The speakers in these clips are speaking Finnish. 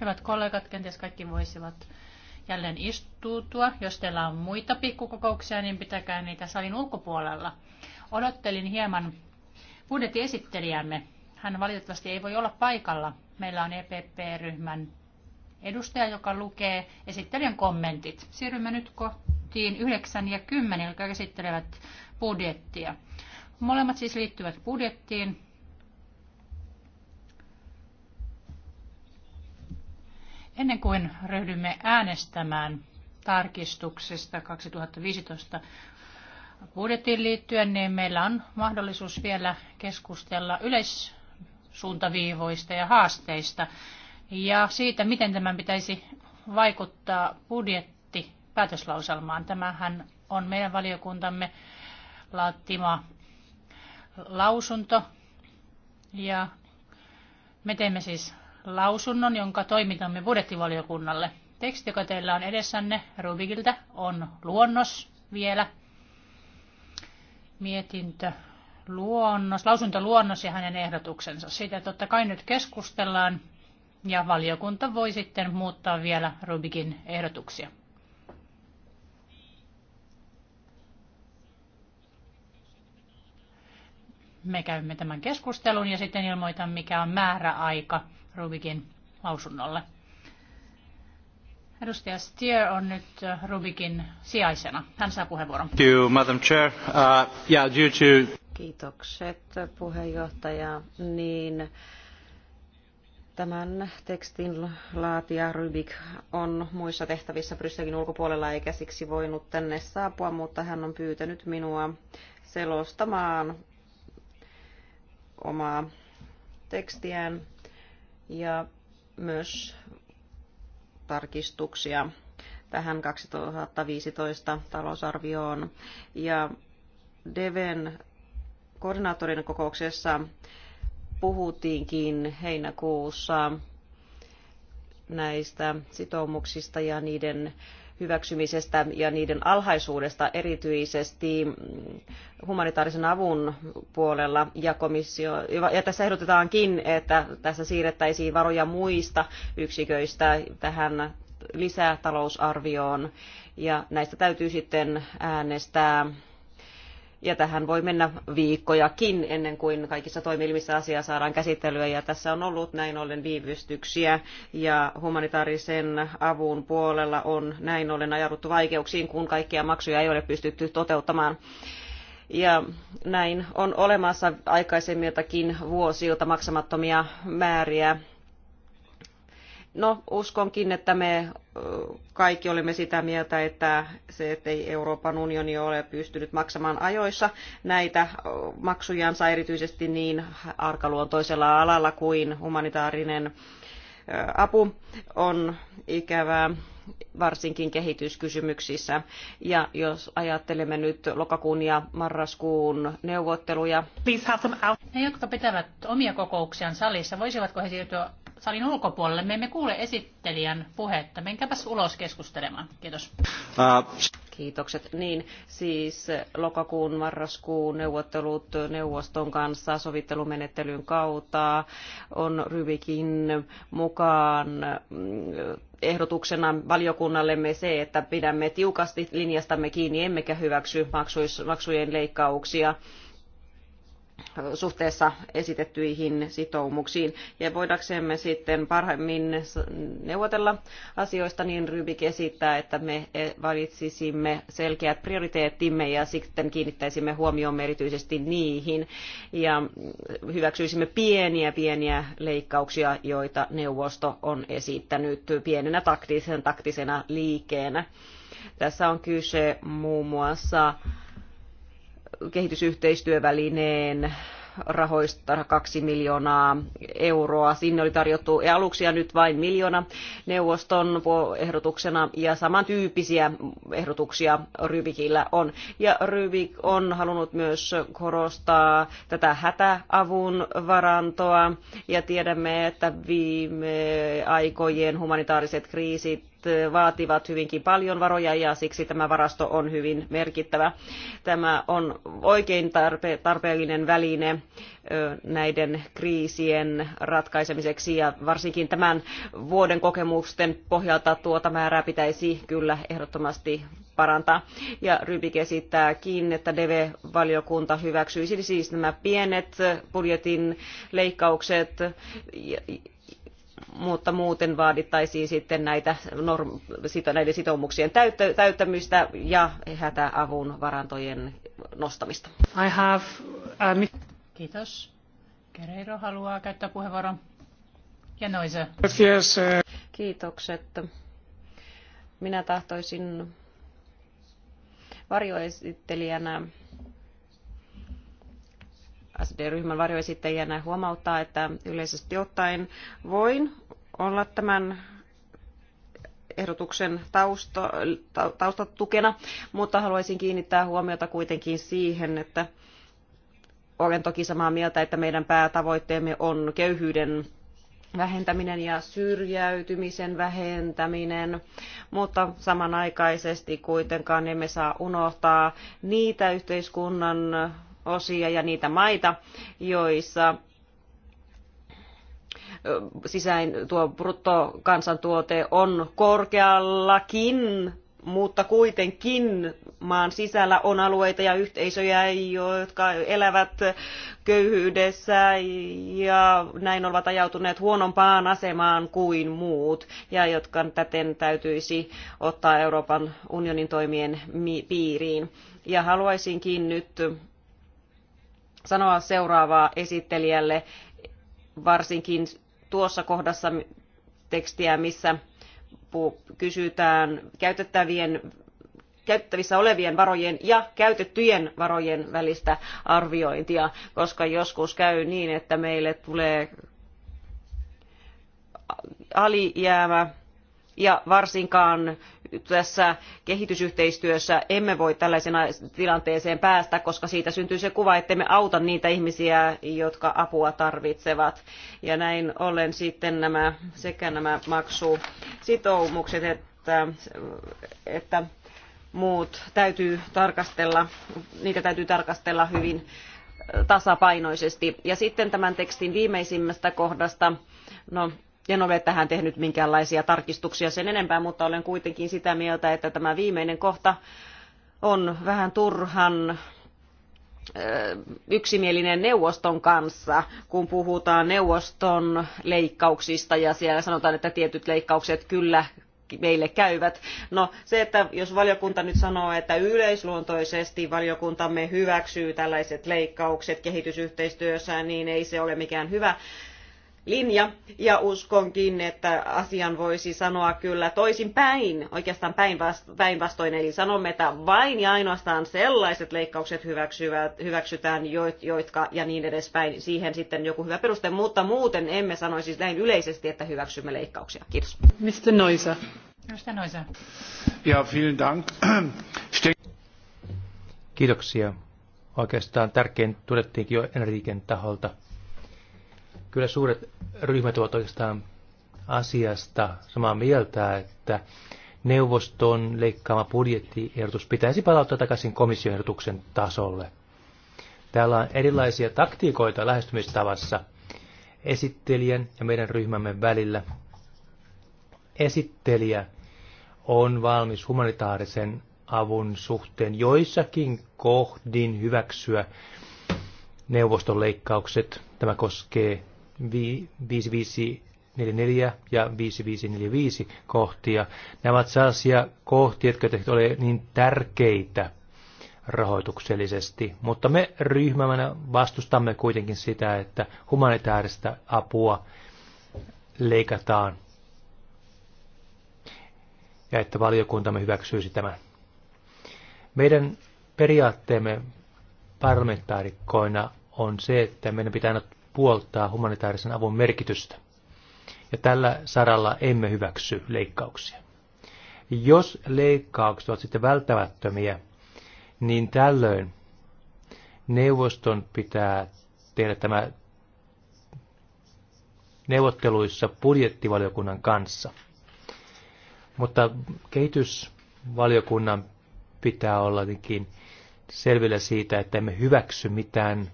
Hyvät kollegat, kenties kaikki voisivat jälleen istuutua. Jos teillä on muita pikkukokouksia, niin pitäkää niitä salin ulkopuolella. Odottelin hieman budjettiesittelijämme. Hän valitettavasti ei voi olla paikalla. Meillä on EPP-ryhmän edustaja, joka lukee esittelijän kommentit. Siirrymme nyt kohtiin 9 ja 10, jotka käsittelevät budjettia. Molemmat siis liittyvät budjettiin. Ennen kuin ryhdymme äänestämään tarkistuksesta 2015 budjettiin liittyen, niin meillä on mahdollisuus vielä keskustella yleissuuntaviivoista ja haasteista ja siitä, miten tämän pitäisi vaikuttaa budjetti päätöslauselmaan. Tämähän on meidän valiokuntamme laatima lausunto ja me teemme siis lausunnon, jonka toimitamme budjettivaliokunnalle. Teksti, joka teillä on edessänne Rubikilta, on luonnos vielä. Mietintö luonnos, lausuntoluonnos ja hänen ehdotuksensa. Siitä totta kai nyt keskustellaan ja valiokunta voi sitten muuttaa vielä Rubikin ehdotuksia. Me käymme tämän keskustelun ja sitten ilmoitan, mikä on määräaika Rubikin lausunnolle. Edustaja Stier on nyt Rubikin sijaisena. Hän saa puheenvuoron. Thank you, Madam Chair. Uh, yeah, due to... Kiitokset puheenjohtaja. Niin, Tämän tekstin laatija Rybik on muissa tehtävissä Brysselin ulkopuolella eikä siksi voinut tänne saapua, mutta hän on pyytänyt minua selostamaan omaa tekstiään ja myös tarkistuksia tähän 2015 talousarvioon. Ja Deven koordinaattorin kokouksessa puhuttiinkin heinäkuussa näistä sitoumuksista ja niiden hyväksymisestä ja niiden alhaisuudesta erityisesti mm, humanitaarisen avun puolella ja komissio, ja tässä ehdotetaankin, että tässä siirrettäisiin varoja muista yksiköistä tähän lisätalousarvioon ja näistä täytyy sitten äänestää ja tähän voi mennä viikkojakin ennen kuin kaikissa toimielimissä asiaa saadaan käsittelyä ja tässä on ollut näin ollen viivystyksiä ja humanitaarisen avun puolella on näin ollen ajauduttu vaikeuksiin, kun kaikkia maksuja ei ole pystytty toteuttamaan ja näin on olemassa aikaisemmiltakin vuosilta maksamattomia määriä No, uskonkin, että me kaikki olemme sitä mieltä, että se, ettei Euroopan unioni ole pystynyt maksamaan ajoissa näitä maksujansa erityisesti niin arkaluontoisella alalla kuin humanitaarinen apu on ikävää varsinkin kehityskysymyksissä. Ja jos ajattelemme nyt lokakuun ja marraskuun neuvotteluja. Ne, jotka pitävät omia kokouksiaan salissa, voisivatko he siirtyä salin ulkopuolelle. Me emme kuule esittelijän puhetta. Menkääpäs ulos keskustelemaan. Kiitos. Kiitokset. Niin, siis lokakuun, marraskuun neuvottelut neuvoston kanssa sovittelumenettelyn kautta on Rybikin mukaan mm, ehdotuksena valiokunnallemme se, että pidämme tiukasti linjastamme kiinni, emmekä hyväksy maksujen leikkauksia suhteessa esitettyihin sitoumuksiin. Ja voidaksemme sitten parhaimmin neuvotella asioista, niin Rybik esittää, että me valitsisimme selkeät prioriteettimme ja sitten kiinnittäisimme huomioon erityisesti niihin ja hyväksyisimme pieniä pieniä leikkauksia, joita neuvosto on esittänyt pienenä taktisen, taktisena liikkeenä. Tässä on kyse muun muassa kehitysyhteistyövälineen rahoista kaksi miljoonaa euroa. Sinne oli tarjottu aluksia ja nyt vain miljoona neuvoston ehdotuksena ja samantyyppisiä ehdotuksia Ryvikillä on. Ja Ryvik on halunnut myös korostaa tätä hätäavun varantoa ja tiedämme, että viime aikojen humanitaariset kriisit Eh, vaativat hyvinkin paljon varoja ja siksi tämä varasto on hyvin merkittävä. Tämä on oikein tarpe- tarpeellinen väline eh, näiden kriisien ratkaisemiseksi ja varsinkin tämän vuoden kokemusten pohjalta tuota määrää pitäisi kyllä ehdottomasti parantaa. Ja Rybik esittääkin, että DV-valiokunta hyväksyisi siis nämä pienet budjetin leikkaukset mutta muuten vaadittaisiin sitten näitä norm, sitä, näiden sitoumuksien täyttä, täyttämistä ja hätäavun varantojen nostamista. I have, um... Kiitos. Kereiro haluaa käyttää puheenvuoron. Ja Noise. Eh. Kiitokset. Minä tahtoisin varjoesittelijänä SD-ryhmän varjoesittäjänä huomauttaa, että yleisesti ottaen voin olla tämän ehdotuksen tausta, taustatukena, mutta haluaisin kiinnittää huomiota kuitenkin siihen, että olen toki samaa mieltä, että meidän päätavoitteemme on köyhyyden vähentäminen ja syrjäytymisen vähentäminen, mutta samanaikaisesti kuitenkaan emme saa unohtaa niitä yhteiskunnan osia ja niitä maita, joissa sisäin tuo bruttokansantuote on korkeallakin, mutta kuitenkin maan sisällä on alueita ja yhteisöjä, jotka elävät köyhyydessä ja näin ovat ajautuneet huonompaan asemaan kuin muut ja jotka täten täytyisi ottaa Euroopan unionin toimien piiriin. Ja haluaisinkin nyt sanoa seuraavaa esittelijälle, varsinkin tuossa kohdassa tekstiä, missä kysytään käytettävien käytettävissä olevien varojen ja käytettyjen varojen välistä arviointia, koska joskus käy niin, että meille tulee alijäämä ja varsinkaan tässä kehitysyhteistyössä emme voi tällaiseen tilanteeseen päästä, koska siitä syntyy se kuva, että me auta niitä ihmisiä, jotka apua tarvitsevat. Ja näin ollen sitten nämä, sekä nämä maksusitoumukset että, että muut täytyy tarkastella, niitä täytyy tarkastella hyvin tasapainoisesti. Ja sitten tämän tekstin viimeisimmästä kohdasta, no en ole tähän tehnyt minkäänlaisia tarkistuksia sen enempää, mutta olen kuitenkin sitä mieltä, että tämä viimeinen kohta on vähän turhan yksimielinen neuvoston kanssa, kun puhutaan neuvoston leikkauksista ja siellä sanotaan, että tietyt leikkaukset kyllä meille käyvät. No se, että jos valiokunta nyt sanoo, että yleisluontoisesti valiokuntamme hyväksyy tällaiset leikkaukset kehitysyhteistyössä, niin ei se ole mikään hyvä linja ja uskonkin, että asian voisi sanoa kyllä toisin päin, oikeastaan päinvastoin. Eli sanomme, että vain ja ainoastaan sellaiset leikkaukset hyväksyvät, hyväksytään, jotka ja niin edespäin. Siihen sitten joku hyvä peruste, mutta muuten emme sanoisi näin yleisesti, että hyväksymme leikkauksia. Kiitos. Mr. Noiser. Mr. Noiser. Ja, vielen dank. Kiitoksia. Oikeastaan tärkein todettiinkin jo Enriken taholta – Kyllä suuret ryhmät ovat oikeastaan asiasta samaa mieltä, että neuvoston leikkaama budjettiehdotus pitäisi palauttaa takaisin komission ehdotuksen tasolle. Täällä on erilaisia taktiikoita lähestymistavassa esittelijän ja meidän ryhmämme välillä. Esittelijä on valmis humanitaarisen avun suhteen joissakin kohdin hyväksyä neuvoston leikkaukset. Tämä koskee 5544 ja 5545 kohtia. Nämä ovat sellaisia kohtia, jotka eivät ole niin tärkeitä rahoituksellisesti, mutta me ryhmänä vastustamme kuitenkin sitä, että humanitaarista apua leikataan ja että valiokuntamme hyväksyisi tämän. Meidän periaatteemme parlamentaarikkoina on se, että meidän pitää puoltaa humanitaarisen avun merkitystä. Ja tällä saralla emme hyväksy leikkauksia. Jos leikkaukset ovat sitten välttämättömiä, niin tällöin neuvoston pitää tehdä tämä neuvotteluissa budjettivaliokunnan kanssa. Mutta kehitysvaliokunnan pitää olla jotenkin selvillä siitä, että emme hyväksy mitään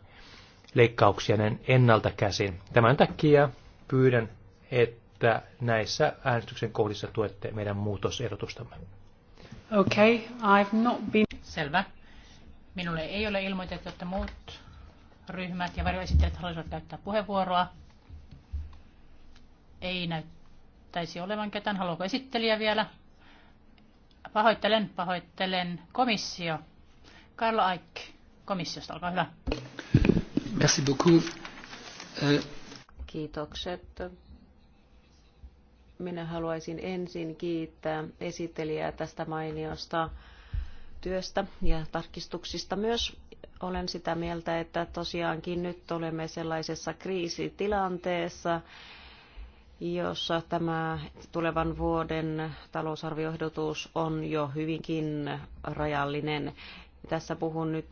leikkauksia ennalta käsin. Tämän takia pyydän, että näissä äänestyksen kohdissa tuette meidän muutosehdotustamme. Okay, I've not been... Selvä. Minulle ei ole ilmoitettu, että muut ryhmät ja varjoesittelijät haluaisivat käyttää puheenvuoroa. Ei näyttäisi olevan ketään. Haluaako esittelijä vielä? Pahoittelen, pahoittelen. Komissio. Karlo Aikki komissiosta, olkaa hyvä. Merci beaucoup. Euh, Kiitokset. Minä haluaisin ensin kiittää esittelijää tästä mainiosta työstä ja tarkistuksista myös. Olen sitä mieltä, että tosiaankin nyt olemme sellaisessa kriisitilanteessa, jossa tämä tulevan vuoden talousarvioehdotus on jo hyvinkin rajallinen. Tässä puhun nyt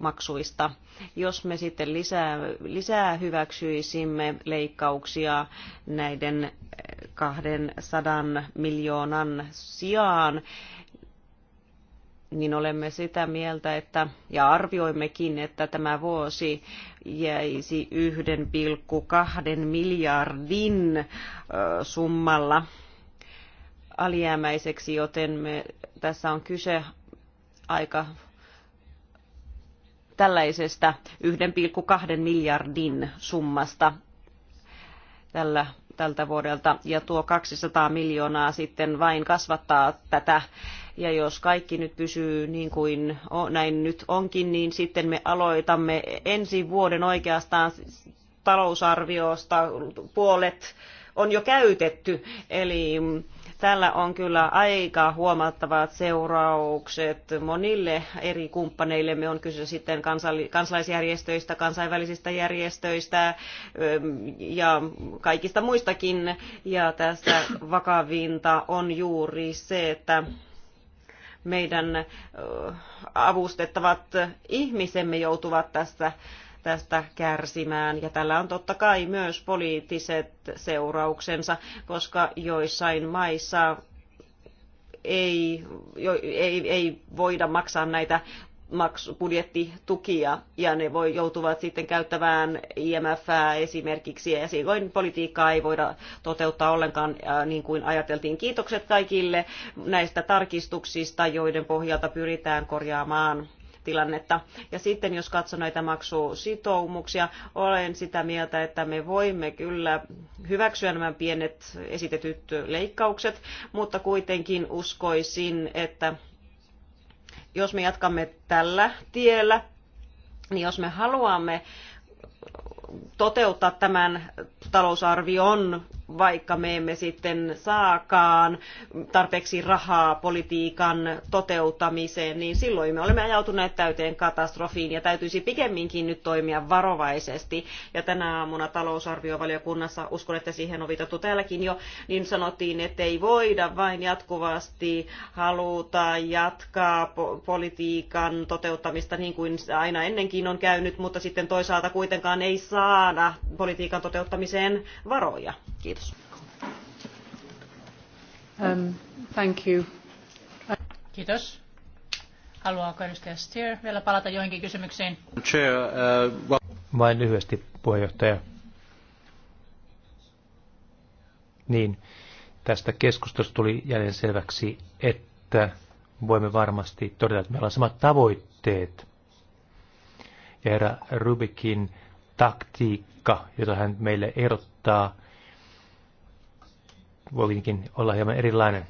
maksuista. Jos me sitten lisää, lisää hyväksyisimme leikkauksia näiden 200 miljoonan sijaan, niin olemme sitä mieltä, että, ja arvioimmekin, että tämä vuosi jäisi 1,2 miljardin summalla alijäämäiseksi, joten me, tässä on kyse aika tällaisesta 1,2 miljardin summasta tällä, tältä vuodelta. Ja tuo 200 miljoonaa sitten vain kasvattaa tätä ja jos kaikki nyt pysyy niin kuin näin nyt onkin, niin sitten me aloitamme ensi vuoden oikeastaan talousarviosta puolet on jo käytetty, eli mm, Tällä on kyllä aika huomattavat seuraukset monille eri kumppaneille. Me on kyse sitten kansalaisjärjestöistä, kansainvälisistä järjestöistä ja kaikista muistakin. Ja tässä vakavinta on juuri se, että meidän avustettavat ihmisemme joutuvat tässä tästä kärsimään. Ja tällä on totta kai myös poliittiset seurauksensa, koska joissain maissa ei, ei, ei voida maksaa näitä maksu, budjettitukia ja ne voi, joutuvat sitten käyttämään IMF esimerkiksi ja silloin politiikkaa ei voida toteuttaa ollenkaan niin kuin ajateltiin. Kiitokset kaikille näistä tarkistuksista, joiden pohjalta pyritään korjaamaan tilannetta. Ja sitten jos katson näitä maksusitoumuksia, olen sitä mieltä, että me voimme kyllä hyväksyä nämä pienet esitetyt leikkaukset, mutta kuitenkin uskoisin, että jos me jatkamme tällä tiellä, niin jos me haluamme toteuttaa tämän talousarvion vaikka me emme sitten saakaan tarpeeksi rahaa politiikan toteuttamiseen, niin silloin me olemme ajautuneet täyteen katastrofiin ja täytyisi pikemminkin nyt toimia varovaisesti. Ja tänä aamuna talousarviovaliokunnassa, uskon, että siihen on viitattu täälläkin jo, niin sanottiin, että ei voida vain jatkuvasti haluta jatkaa politiikan toteuttamista niin kuin aina ennenkin on käynyt, mutta sitten toisaalta kuitenkaan ei saada politiikan toteuttamiseen varoja. Kiitos. Kiitos. Um, thank you. Kiitos. Haluaako edustaja Steer vielä palata joihinkin kysymyksiin? Chair, uh, Vain lyhyesti, puheenjohtaja. Niin, tästä keskustelusta tuli jälleen selväksi, että voimme varmasti todeta, että meillä on samat tavoitteet. Ja herra Rubikin taktiikka, jota hän meille erottaa, voikin olla hieman erilainen.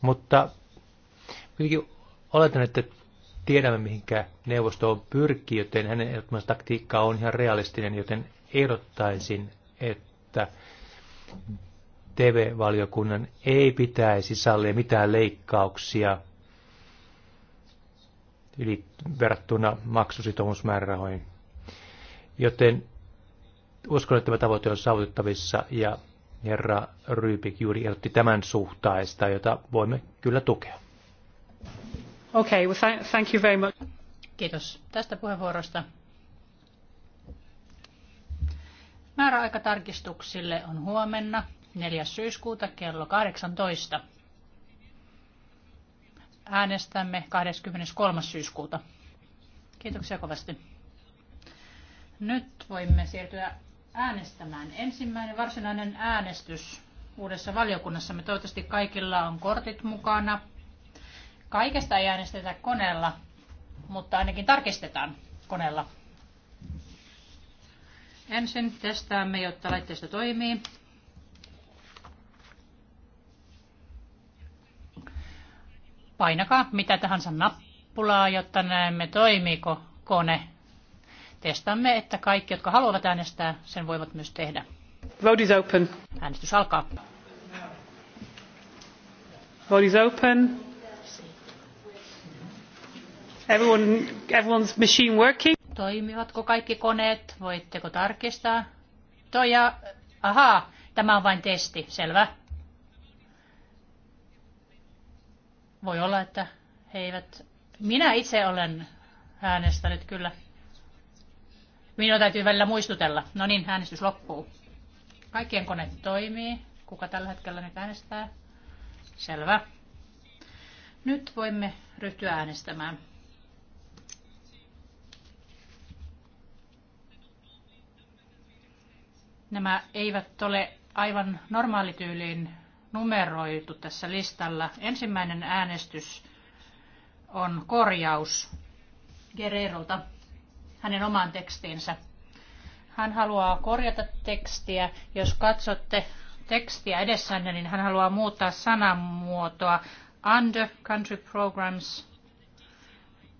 Mutta kuitenkin oletan, että tiedämme, mihinkä neuvosto on pyrkii, joten hänen ehdottamansa taktiikka on ihan realistinen, joten ehdottaisin, että TV-valiokunnan ei pitäisi sallia mitään leikkauksia yli verrattuna maksusitoumusmäärärahoihin. Joten uskon, että tämä tavoite on saavutettavissa ja herra Rybik juuri ehdotti tämän suhtaista, jota voimme kyllä tukea. Okay, well, thank you very much. Kiitos tästä puheenvuorosta. Määräaikatarkistuksille on huomenna 4. syyskuuta kello 18. Äänestämme 23. syyskuuta. Kiitoksia kovasti. Nyt voimme siirtyä äänestämään. Ensimmäinen varsinainen äänestys uudessa valiokunnassa me Toivottavasti kaikilla on kortit mukana. Kaikesta ei äänestetä koneella, mutta ainakin tarkistetaan koneella. Ensin testaamme, jotta laitteisto toimii. Painakaa mitä tahansa nappulaa, jotta näemme toimiiko kone testamme, että kaikki, jotka haluavat äänestää, sen voivat myös tehdä. Vote is open. Äänestys alkaa. Vote is open. Everyone, everyone's machine working. Toimivatko kaikki koneet? Voitteko tarkistaa? Toja, ahaa, tämä on vain testi, selvä. Voi olla, että he eivät... Minä itse olen äänestänyt kyllä. Minua täytyy välillä muistutella. No niin, äänestys loppuu. Kaikkien kone toimii. Kuka tällä hetkellä nyt äänestää? Selvä. Nyt voimme ryhtyä äänestämään. Nämä eivät ole aivan normaalityyliin numeroitu tässä listalla. Ensimmäinen äänestys on korjaus Guerrerolta hänen omaan tekstiinsä. Hän haluaa korjata tekstiä. Jos katsotte tekstiä edessänne, niin hän haluaa muuttaa sanamuotoa under country programs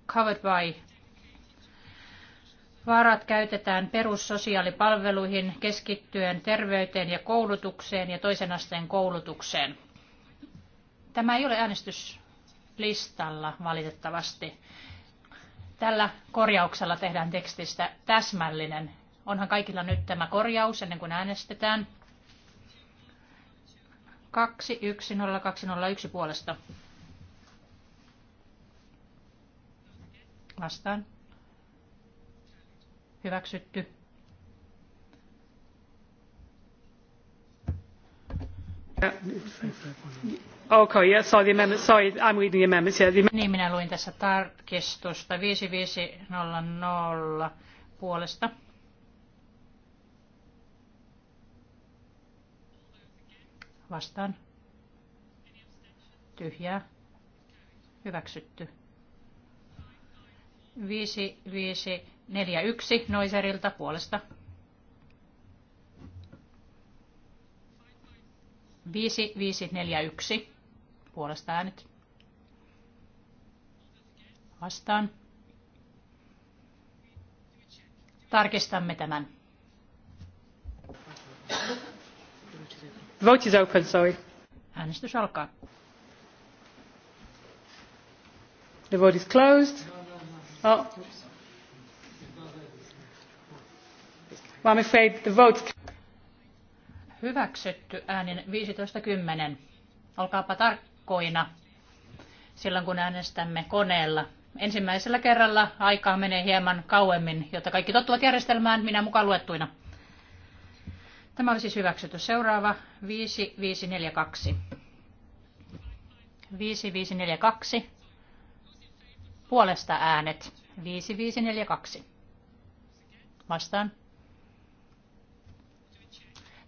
covered by Varat käytetään perussosiaalipalveluihin keskittyen terveyteen ja koulutukseen ja toisen asteen koulutukseen. Tämä ei ole äänestyslistalla valitettavasti. Tällä korjauksella tehdään tekstistä täsmällinen. Onhan kaikilla nyt tämä korjaus ennen kuin äänestetään. 210201 puolesta. Vastaan. Hyväksytty. Okay, yeah, sorry, amendment, sorry, I'm reading the amendments. Yeah, the... Niin, minä luin tässä tarkistusta 5500 puolesta. Vastaan. Tyhjää. Hyväksytty. 5541 Noiserilta puolesta 5541 puolesta äänet. Vastaan. Tarkistamme tämän. Vote is open, sorry. Äänestys alkaa. The vote is closed. Oh. Well, I'm afraid the vote hyväksytty äänin 15.10. Olkaapa tarkkoina silloin, kun äänestämme koneella. Ensimmäisellä kerralla aikaa menee hieman kauemmin, jotta kaikki tottuvat järjestelmään, minä mukaan luettuina. Tämä oli siis hyväksytty. Seuraava 5542. 5542. Puolesta äänet. 5542. Vastaan.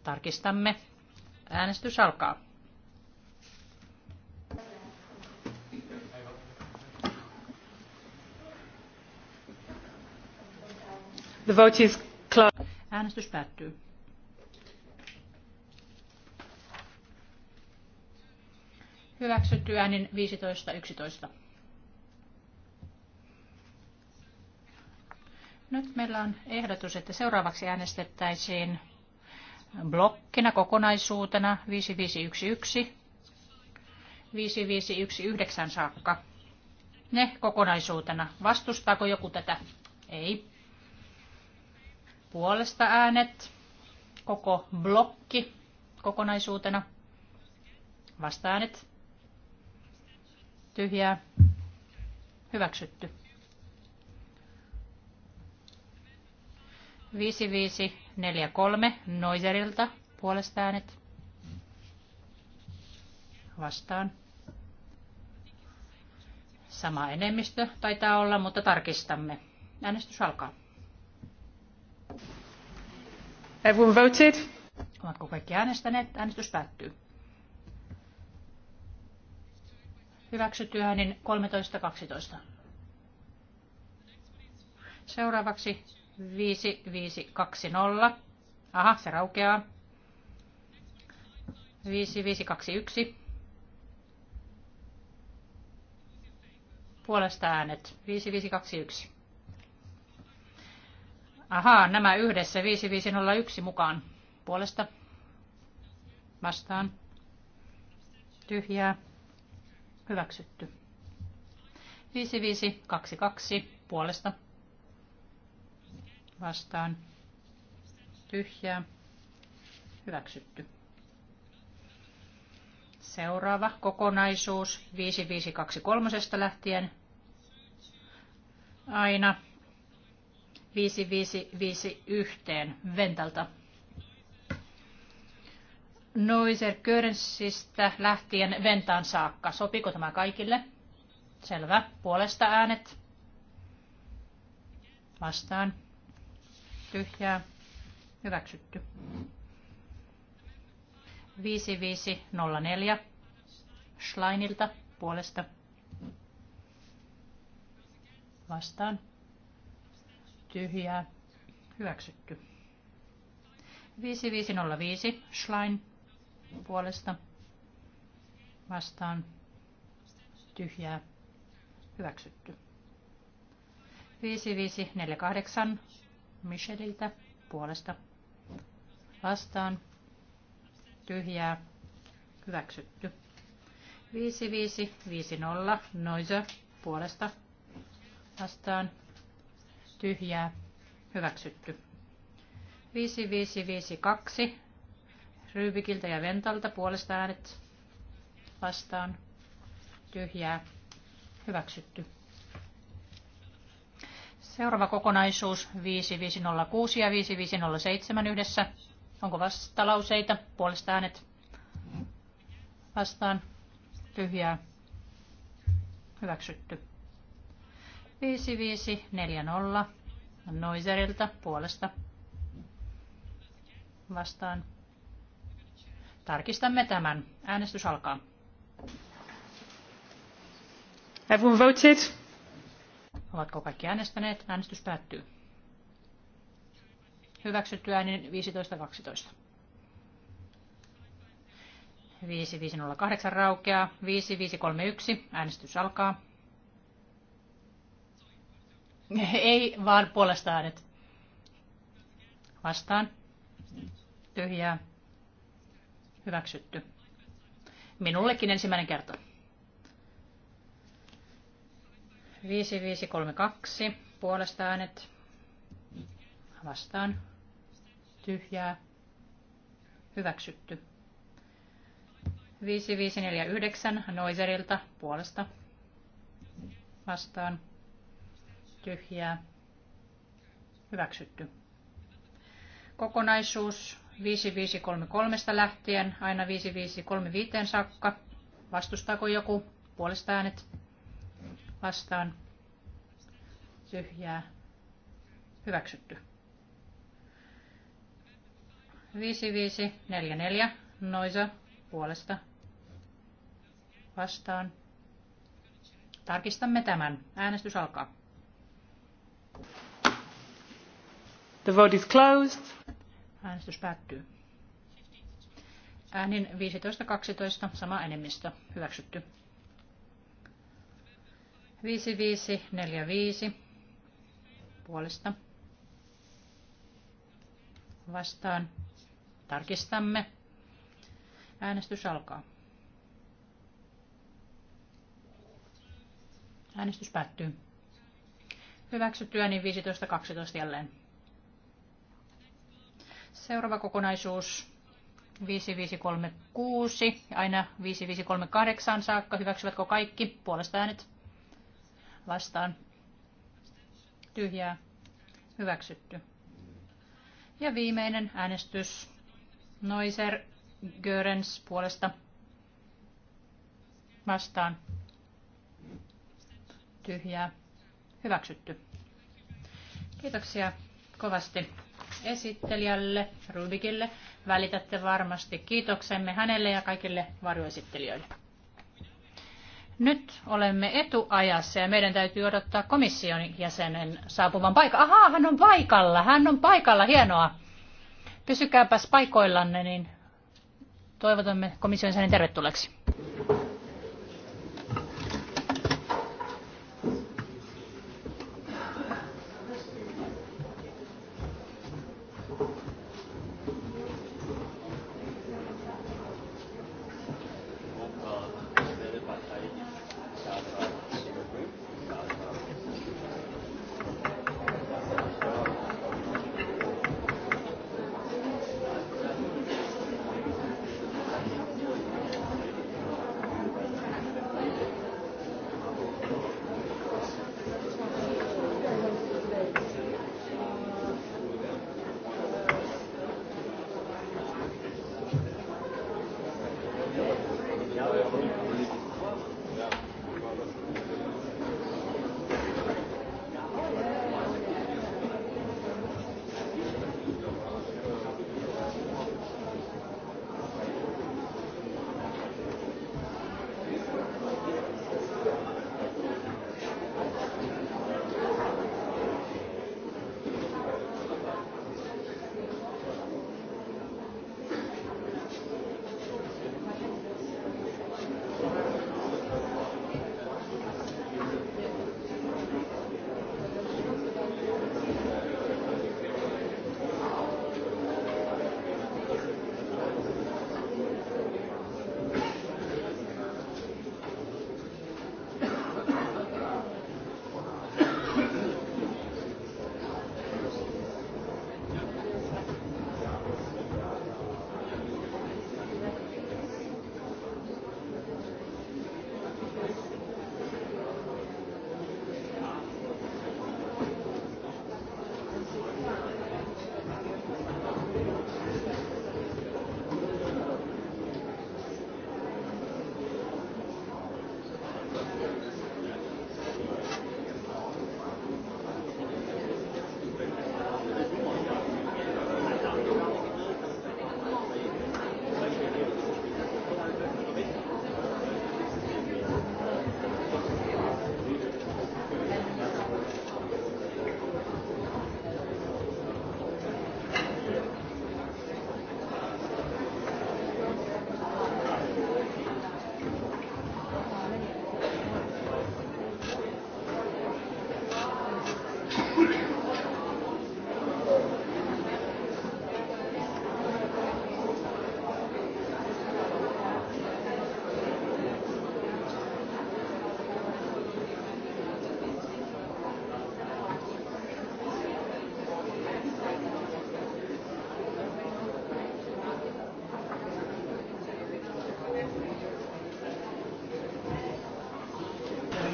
Tarkistamme. Äänestys alkaa. The vote is closed. Äänestys päättyy. Hyväksytty äänin 15.11. Nyt meillä on ehdotus, että seuraavaksi äänestettäisiin blokkina kokonaisuutena 5511 5519 saakka. Ne kokonaisuutena. Vastustaako joku tätä? Ei. Puolesta äänet. Koko blokki kokonaisuutena. Vasta-äänet. Tyhjää. Hyväksytty. 55 4-3 Noiserilta puolesta äänet vastaan. Sama enemmistö taitaa olla, mutta tarkistamme. Äänestys alkaa. Everyone voted. Ovatko kaikki äänestäneet? Äänestys päättyy. Hyväksytty äänin 12 Seuraavaksi 5520. Aha, se raukeaa. 5521. Puolesta äänet. 5521. Aha, nämä yhdessä 5501 mukaan. Puolesta. Vastaan. Tyhjää. Hyväksytty. 5522 puolesta vastaan tyhjää hyväksytty. Seuraava kokonaisuus 5523 lähtien aina 5551 Ventalta. Noiser Körnsistä lähtien Ventaan saakka. Sopiko tämä kaikille? Selvä. Puolesta äänet. Vastaan tyhjää, hyväksytty. 5504 Schleinilta puolesta vastaan tyhjää, hyväksytty. 5505 Schlein puolesta vastaan tyhjää, hyväksytty. 5548 Micheliltä puolesta vastaan tyhjää hyväksytty. 5550 Noise puolesta vastaan tyhjää hyväksytty. 5552 Ryybikiltä ja Ventalta puolesta äänet vastaan tyhjää hyväksytty. Seuraava kokonaisuus 5506 ja 5507 yhdessä. Onko vastalauseita? Puolesta äänet vastaan. Tyhjää. Hyväksytty. 5540 Noiserilta puolesta vastaan. Tarkistamme tämän. Äänestys alkaa. Everyone voted? Ovatko kaikki äänestäneet? Äänestys päättyy. Hyväksytty äänin 15.12. 5508 raukeaa. 5531. Äänestys alkaa. Ei vaan puolesta äänet. Vastaan. Tyhjää. Hyväksytty. Minullekin ensimmäinen kerta. 5532 puolesta äänet vastaan tyhjää hyväksytty. 5549 Noiserilta puolesta vastaan tyhjää hyväksytty. Kokonaisuus 5533 lähtien aina 5535 saakka. Vastustaako joku? Puolesta äänet vastaan tyhjää hyväksytty. 5544 Noisa puolesta vastaan. Tarkistamme tämän. Äänestys alkaa. The vote is closed. Äänestys päättyy. Äänin 15.12. Sama enemmistö. Hyväksytty. 5545 puolesta vastaan. Tarkistamme. Äänestys alkaa. Äänestys päättyy. Hyväksyttyä niin 15.12 jälleen. Seuraava kokonaisuus 5536 aina 5538 saakka. Hyväksyvätkö kaikki puolesta äänet? vastaan tyhjää hyväksytty. Ja viimeinen äänestys. Noiser Görens puolesta vastaan tyhjää hyväksytty. Kiitoksia kovasti esittelijälle Rubikille. Välitätte varmasti kiitoksemme hänelle ja kaikille varjoesittelijöille. Nyt olemme etuajassa ja meidän täytyy odottaa komission jäsenen saapuvan paikan. Ahaa, hän on paikalla, hän on paikalla, hienoa. Pysykääpäs paikoillanne, niin toivotamme komission jäsenen tervetulleeksi.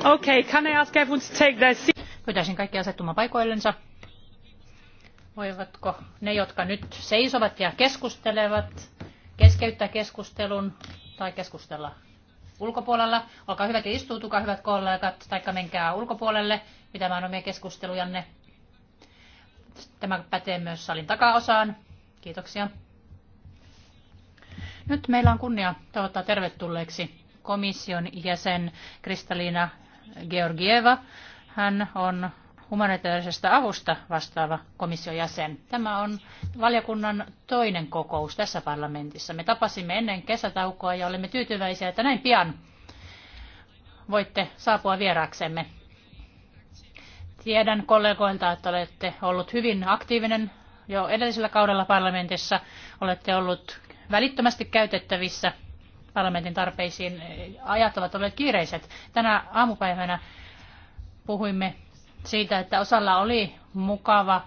Okay, can I ask everyone to take their seat? Pyytäisin kaikki asettumaan paikoillensa. Voivatko ne, jotka nyt seisovat ja keskustelevat, keskeyttää keskustelun tai keskustella ulkopuolella? Olkaa hyvät ja istuutukaa, hyvät kollegat, taikka menkää ulkopuolelle pitämään omia keskustelujanne. Tämä pätee myös salin takaosaan. Kiitoksia. Nyt meillä on kunnia toivottaa tervetulleeksi komission jäsen Kristaliina Georgieva. Hän on humanitaarisesta avusta vastaava komission jäsen. Tämä on valiokunnan toinen kokous tässä parlamentissa. Me tapasimme ennen kesätaukoa ja olemme tyytyväisiä, että näin pian voitte saapua vieraaksemme. Tiedän kollegoilta, että olette ollut hyvin aktiivinen jo edellisellä kaudella parlamentissa. Olette ollut välittömästi käytettävissä parlamentin tarpeisiin. Ajat ovat olleet kiireiset. Tänä aamupäivänä puhuimme siitä, että osalla oli mukava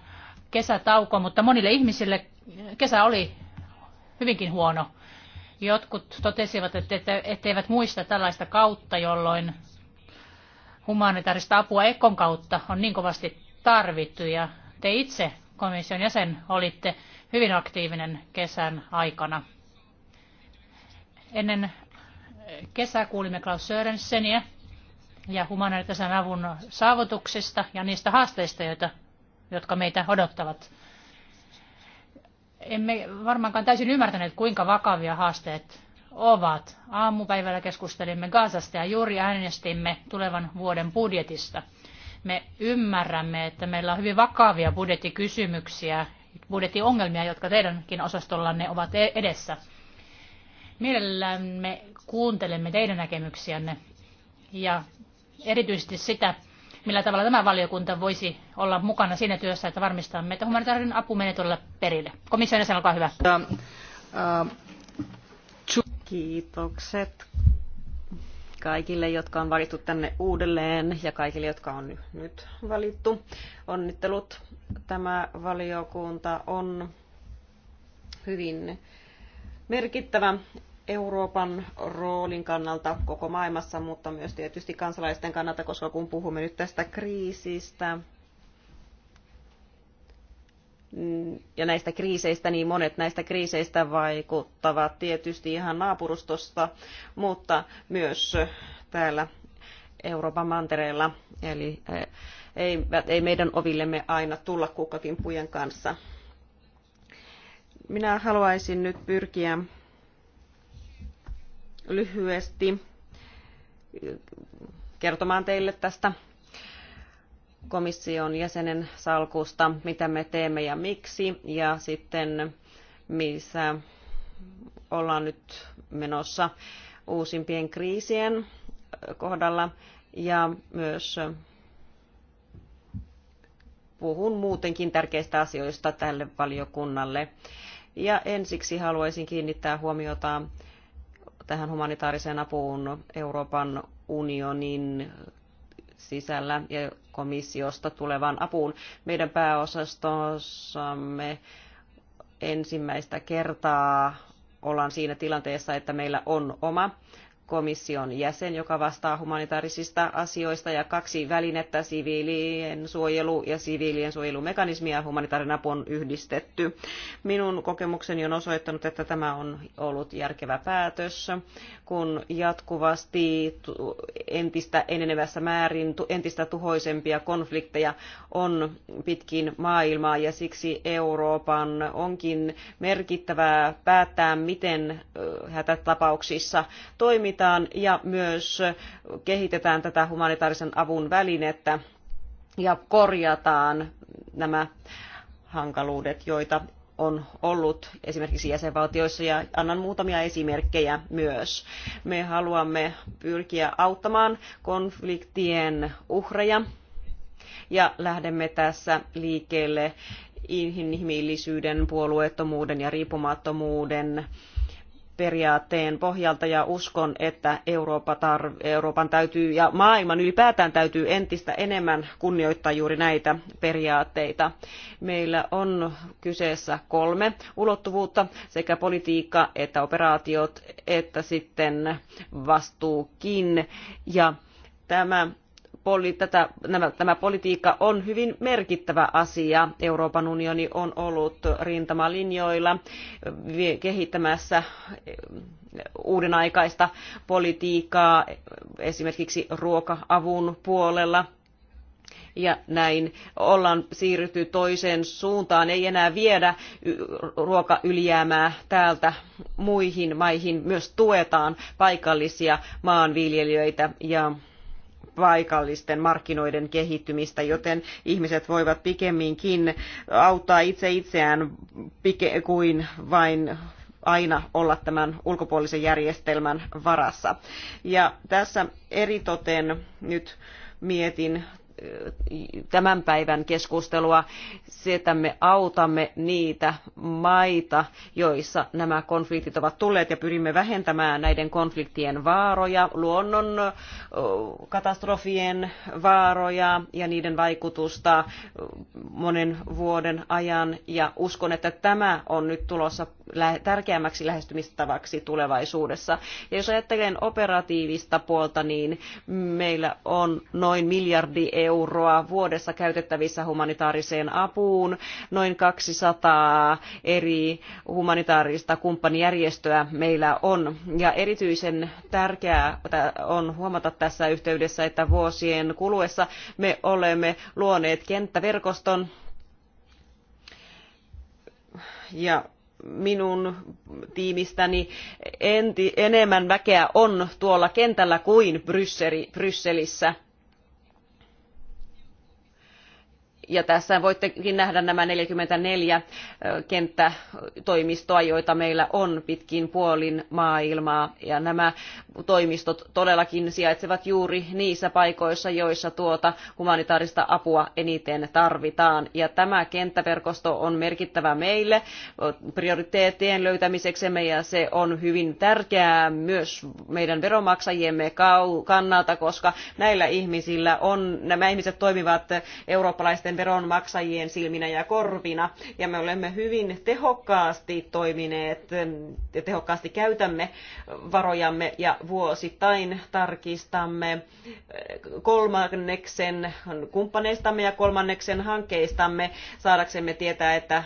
kesätauko, mutta monille ihmisille kesä oli hyvinkin huono. Jotkut totesivat, että etteivät muista tällaista kautta, jolloin humanitaarista apua Ekon kautta on niin kovasti tarvittu. Ja te itse komission jäsen olitte hyvin aktiivinen kesän aikana. Ennen kesää kuulimme Klaus Sörenseniä ja humanitaarisen avun saavutuksista ja niistä haasteista, joita, jotka meitä odottavat. Emme varmaankaan täysin ymmärtäneet, kuinka vakavia haasteet ovat. Aamupäivällä keskustelimme Gazasta ja juuri äänestimme tulevan vuoden budjetista. Me ymmärrämme, että meillä on hyvin vakavia budjettikysymyksiä, budjettiongelmia, jotka teidänkin osastollanne ovat e- edessä. Mielellämme kuuntelemme teidän näkemyksiänne ja erityisesti sitä, millä tavalla tämä valiokunta voisi olla mukana siinä työssä, että varmistamme, että humanitaarinen apu menee todella perille. Komission jäsen, olkaa hyvä. Äh, Kiitokset kaikille, jotka on valittu tänne uudelleen ja kaikille, jotka on nyt valittu. Onnittelut. Tämä valiokunta on hyvin merkittävä Euroopan roolin kannalta koko maailmassa, mutta myös tietysti kansalaisten kannalta, koska kun puhumme nyt tästä kriisistä mm, ja näistä kriiseistä, niin monet näistä kriiseistä vaikuttavat tietysti ihan naapurustosta, mutta myös täällä Euroopan mantereella, eli eh, ei, ei meidän ovillemme aina tulla kukkakimpujen kanssa. Minä haluaisin nyt pyrkiä lyhyesti kertomaan teille tästä komission jäsenen salkusta, mitä me teemme ja miksi, ja sitten missä ollaan nyt menossa uusimpien kriisien kohdalla ja myös puhun muutenkin tärkeistä asioista tälle valiokunnalle. Ja ensiksi haluaisin kiinnittää huomiota tähän humanitaariseen apuun Euroopan unionin sisällä ja komissiosta tulevaan apuun. Meidän pääosastossamme ensimmäistä kertaa ollaan siinä tilanteessa, että meillä on oma komission jäsen, joka vastaa humanitaarisista asioista, ja kaksi välinettä, siviilien suojelu ja siviilien suojelumekanismi ja humanitaarinen apu on yhdistetty. Minun kokemukseni on osoittanut, että tämä on ollut järkevä päätös, kun jatkuvasti entistä enenevässä määrin entistä tuhoisempia konflikteja on pitkin maailmaa, ja siksi Euroopan onkin merkittävää päättää, miten hätätapauksissa toimitaan tarvitaan ja myös kehitetään tätä humanitaarisen avun välinettä ja korjataan nämä hankaluudet, joita on ollut esimerkiksi jäsenvaltioissa ja annan muutamia esimerkkejä myös. Me haluamme pyrkiä auttamaan konfliktien uhreja ja lähdemme tässä liikkeelle inhimillisyyden, puolueettomuuden ja riippumattomuuden periaatteen pohjalta ja uskon, että Eurooppa Euroopan täytyy ja maailman ylipäätään täytyy entistä enemmän kunnioittaa juuri näitä periaatteita. Meillä on kyseessä kolme ulottuvuutta, sekä politiikka että operaatiot että sitten vastuukin. Ja tämä poli, tätä, nämä, tämä politiikka on hyvin merkittävä asia. Euroopan unioni on ollut rintamalinjoilla kehittämässä eh, uuden aikaista politiikkaa esimerkiksi ruoka-avun puolella ja näin ollaan siirrytty toiseen suuntaan. Ei enää viedä ruokaylijäämää täältä muihin maihin, myös tuetaan paikallisia maanviljelijöitä ja paikallisten markkinoiden kehittymistä, joten ihmiset voivat pikemminkin auttaa itse itseään kuin vain aina olla tämän ulkopuolisen järjestelmän varassa. Ja tässä eritoten nyt mietin tämän päivän keskustelua, se, että me autamme niitä maita, joissa nämä konfliktit ovat tulleet ja pyrimme vähentämään näiden konfliktien vaaroja, luonnon katastrofien vaaroja ja niiden vaikutusta monen vuoden ajan. Ja uskon, että tämä on nyt tulossa tärkeämmäksi lähestymistavaksi tulevaisuudessa. Ja jos ajattelen operatiivista puolta, niin meillä on noin miljardi euroa euroa vuodessa käytettävissä humanitaariseen apuun. Noin 200 eri humanitaarista kumppanijärjestöä meillä on. Ja erityisen tärkeää on huomata tässä yhteydessä, että vuosien kuluessa me olemme luoneet kenttäverkoston ja minun tiimistäni enti, enemmän väkeä on tuolla kentällä kuin Brysseli, Brysselissä Ja tässä voittekin nähdä nämä 44 kenttätoimistoa, joita meillä on pitkin puolin maailmaa. Ja nämä toimistot todellakin sijaitsevat juuri niissä paikoissa, joissa tuota humanitaarista apua eniten tarvitaan. Ja tämä kenttäverkosto on merkittävä meille prioriteettien löytämiseksemme ja se on hyvin tärkeää myös meidän veronmaksajiemme kannalta, koska näillä ihmisillä on, nämä ihmiset toimivat eurooppalaisten veronmaksajien silminä ja korvina. Ja me olemme hyvin tehokkaasti toimineet ja tehokkaasti käytämme varojamme ja vuosittain tarkistamme kolmanneksen kumppaneistamme ja kolmanneksen hankkeistamme saadaksemme tietää, että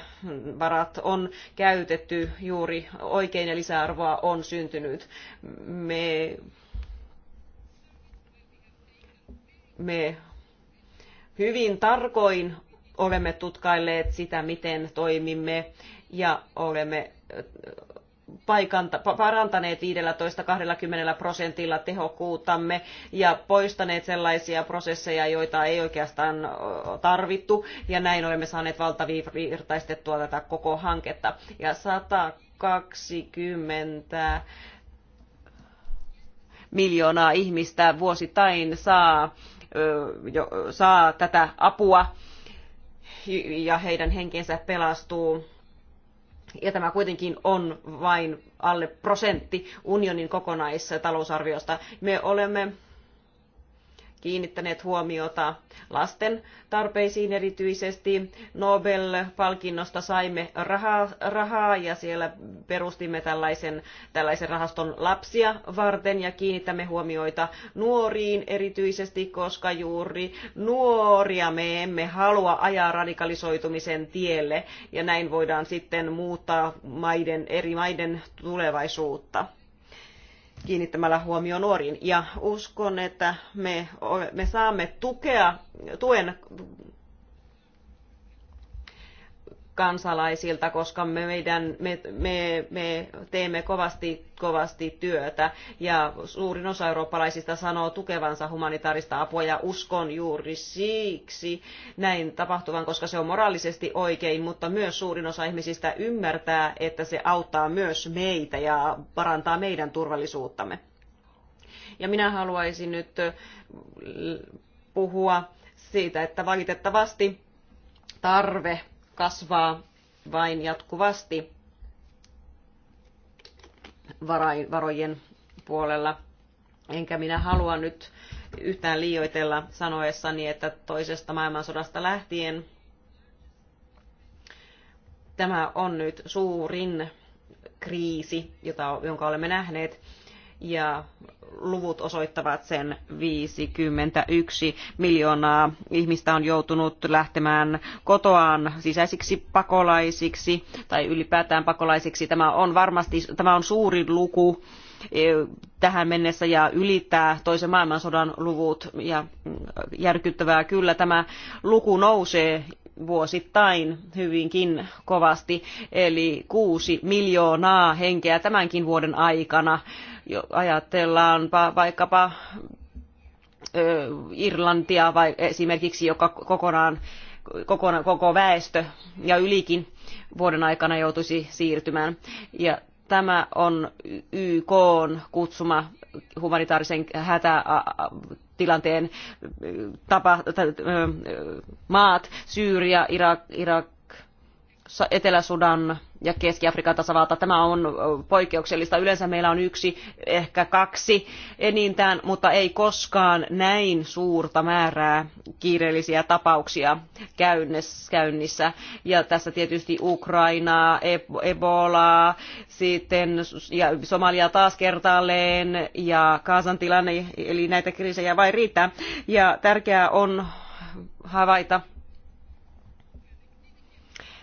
varat on käytetty juuri oikein ja lisäarvoa on syntynyt. Me me hyvin tarkoin olemme tutkailleet sitä, miten toimimme ja olemme parantaneet 15-20 prosentilla tehokkuuttamme ja poistaneet sellaisia prosesseja, joita ei oikeastaan tarvittu. Ja näin olemme saaneet valtavirtaistettua tätä koko hanketta. Ja 120 miljoonaa ihmistä vuosittain saa saa tätä apua ja heidän henkensä pelastuu. Ja tämä kuitenkin on vain alle prosentti unionin kokonaistalousarviosta. Me olemme kiinnittäneet huomiota lasten tarpeisiin erityisesti. Nobel-palkinnosta saimme rahaa, rahaa ja siellä perustimme tällaisen, tällaisen rahaston lapsia varten ja kiinnitämme huomioita nuoriin erityisesti, koska juuri nuoria me emme halua ajaa radikalisoitumisen tielle ja näin voidaan sitten muuttaa maiden, eri maiden tulevaisuutta kiinnittämällä huomio nuoriin. Ja uskon, että me, me saamme tukea, tuen kansalaisilta, koska me, meidän, me, me, me teemme kovasti, kovasti työtä ja suurin osa eurooppalaisista sanoo tukevansa humanitaarista apua ja uskon juuri siksi näin tapahtuvan, koska se on moraalisesti oikein, mutta myös suurin osa ihmisistä ymmärtää, että se auttaa myös meitä ja parantaa meidän turvallisuuttamme. Ja minä haluaisin nyt äh, puhua siitä, että valitettavasti tarve kasvaa vain jatkuvasti varojen puolella. Enkä minä halua nyt yhtään liioitella sanoessani, että toisesta maailmansodasta lähtien tämä on nyt suurin kriisi, jota, jonka olemme nähneet ja luvut osoittavat sen 51 miljoonaa ihmistä on joutunut lähtemään kotoaan sisäisiksi pakolaisiksi tai ylipäätään pakolaisiksi. Tämä on varmasti tämä on suuri luku e, tähän mennessä ja ylittää toisen maailmansodan luvut ja mm, järkyttävää kyllä tämä luku nousee vuosittain hyvinkin kovasti, eli kuusi miljoonaa henkeä tämänkin vuoden aikana Ajatellaanpa vaikkapa Irlantia vai esimerkiksi, joka kokonaan, kokonaan koko väestö ja ylikin vuoden aikana joutuisi siirtymään. Ja tämä on YK on kutsuma humanitaarisen hätätilanteen tapa, maat, Syyria, Irak, Irak Etelä-Sudan, ja Keski-Afrikan tasavalta. Tämä on poikkeuksellista. Yleensä meillä on yksi, ehkä kaksi enintään, mutta ei koskaan näin suurta määrää kiireellisiä tapauksia käynnissä. Ja tässä tietysti Ukrainaa, Ebolaa, sitten ja Somalia taas kertaalleen ja Kaasan tilanne, eli näitä kriisejä vain riittää. Ja tärkeää on havaita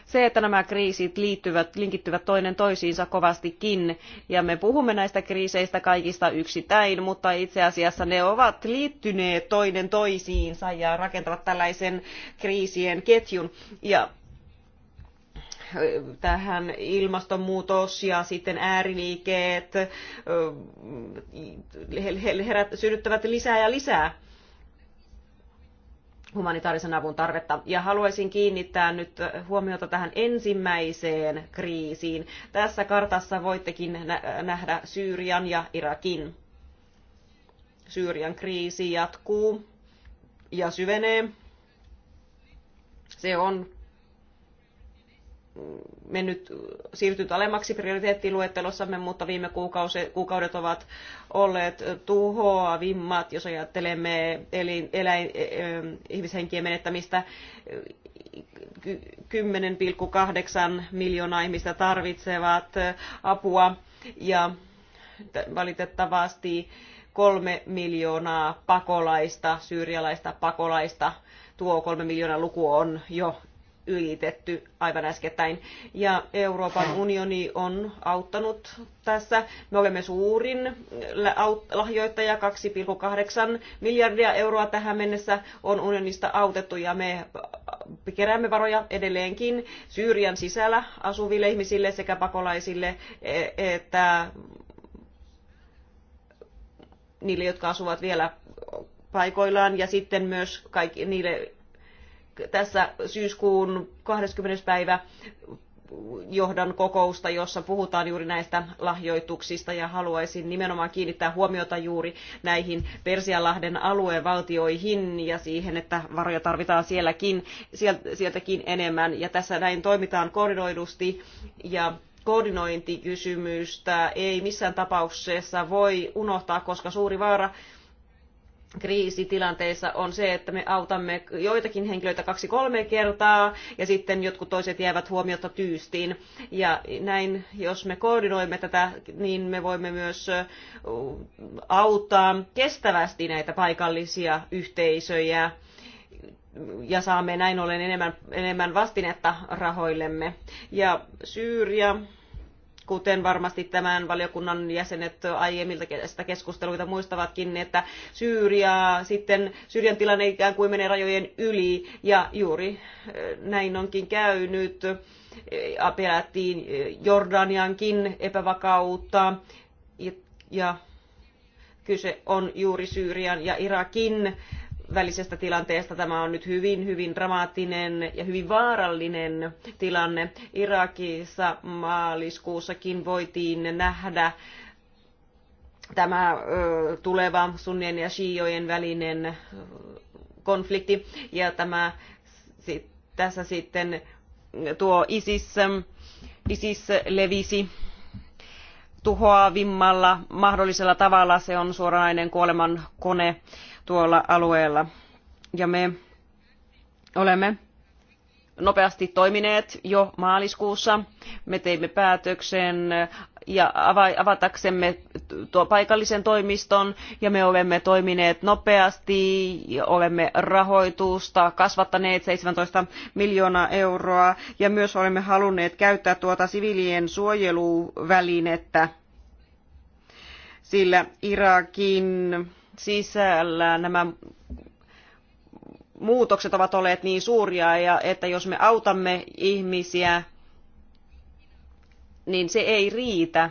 se, että nämä kriisit liittyvät, linkittyvät toinen toisiinsa kovastikin, ja me puhumme näistä kriiseistä kaikista yksittäin, mutta itse asiassa ne ovat liittyneet toinen toisiinsa ja rakentavat tällaisen kriisien ketjun. Ja tähän ilmastonmuutos ja sitten ääriliikkeet synnyttävät lisää ja lisää humanitaarisen avun tarvetta. Ja haluaisin kiinnittää nyt huomiota tähän ensimmäiseen kriisiin. Tässä kartassa voittekin nähdä Syyrian ja Irakin. Syyrian kriisi jatkuu ja syvenee. Se on mennyt, siirtynyt alemmaksi prioriteettiluettelossamme, mutta viime kuukaudet ovat olleet tuhoavimmat, jos ajattelemme elin, eläin, e, e, ihmishenkien menettämistä. 10,8 miljoonaa ihmistä tarvitsevat apua ja valitettavasti kolme miljoonaa pakolaista, syyrialaista pakolaista. Tuo kolme miljoonaa luku on jo ylitetty aivan äskettäin. Ja Euroopan unioni on auttanut tässä. Me olemme suurin lahjoittaja, 2,8 miljardia euroa tähän mennessä on unionista autettu ja me äh, keräämme varoja edelleenkin Syyrian sisällä asuville ihmisille sekä pakolaisille e-, että niille, jotka asuvat vielä paikoillaan ja sitten myös kaikki niille tässä syyskuun 20. päivä johdan kokousta, jossa puhutaan juuri näistä lahjoituksista ja haluaisin nimenomaan kiinnittää huomiota juuri näihin Persianlahden alueen valtioihin ja siihen, että varoja tarvitaan sielläkin, sieltäkin enemmän ja tässä näin toimitaan koordinoidusti ja koordinointikysymystä ei missään tapauksessa voi unohtaa, koska suuri vaara kriisitilanteissa on se, että me autamme joitakin henkilöitä kaksi-kolme kertaa ja sitten jotkut toiset jäävät huomiota tyystiin. Ja näin, jos me koordinoimme tätä, niin me voimme myös auttaa kestävästi näitä paikallisia yhteisöjä ja saamme näin ollen enemmän, enemmän vastinetta rahoillemme. Ja Syyria kuten varmasti tämän valiokunnan jäsenet aiemmilta keskusteluita muistavatkin, että Syyria sitten, Syyrian tilanne ikään kuin menee rajojen yli ja juuri eh, näin onkin käynyt. Eh, pelättiin eh, Jordaniankin epävakautta ja kyse on juuri Syyrian ja Irakin välisestä tilanteesta. Tämä on nyt hyvin, hyvin dramaattinen ja hyvin vaarallinen tilanne. Irakissa maaliskuussakin voitiin nähdä tämä tuleva sunnien ja shiojen välinen konflikti ja tämä, tässä sitten tuo ISIS, ISIS levisi tuhoavimmalla mahdollisella tavalla. Se on suoranainen kuoleman kone tuolla alueella. Ja me olemme nopeasti toimineet jo maaliskuussa. Me teimme päätöksen ja avataksemme tuo paikallisen toimiston ja me olemme toimineet nopeasti, olemme rahoitusta kasvattaneet seitsemäntoista miljoonaa euroa ja myös olemme halunneet käyttää tuota siviilien suojeluvälinettä, sillä Irakin sisällä nämä muutokset ovat olleet niin suuria ja että jos me autamme ihmisiä niin se ei riitä.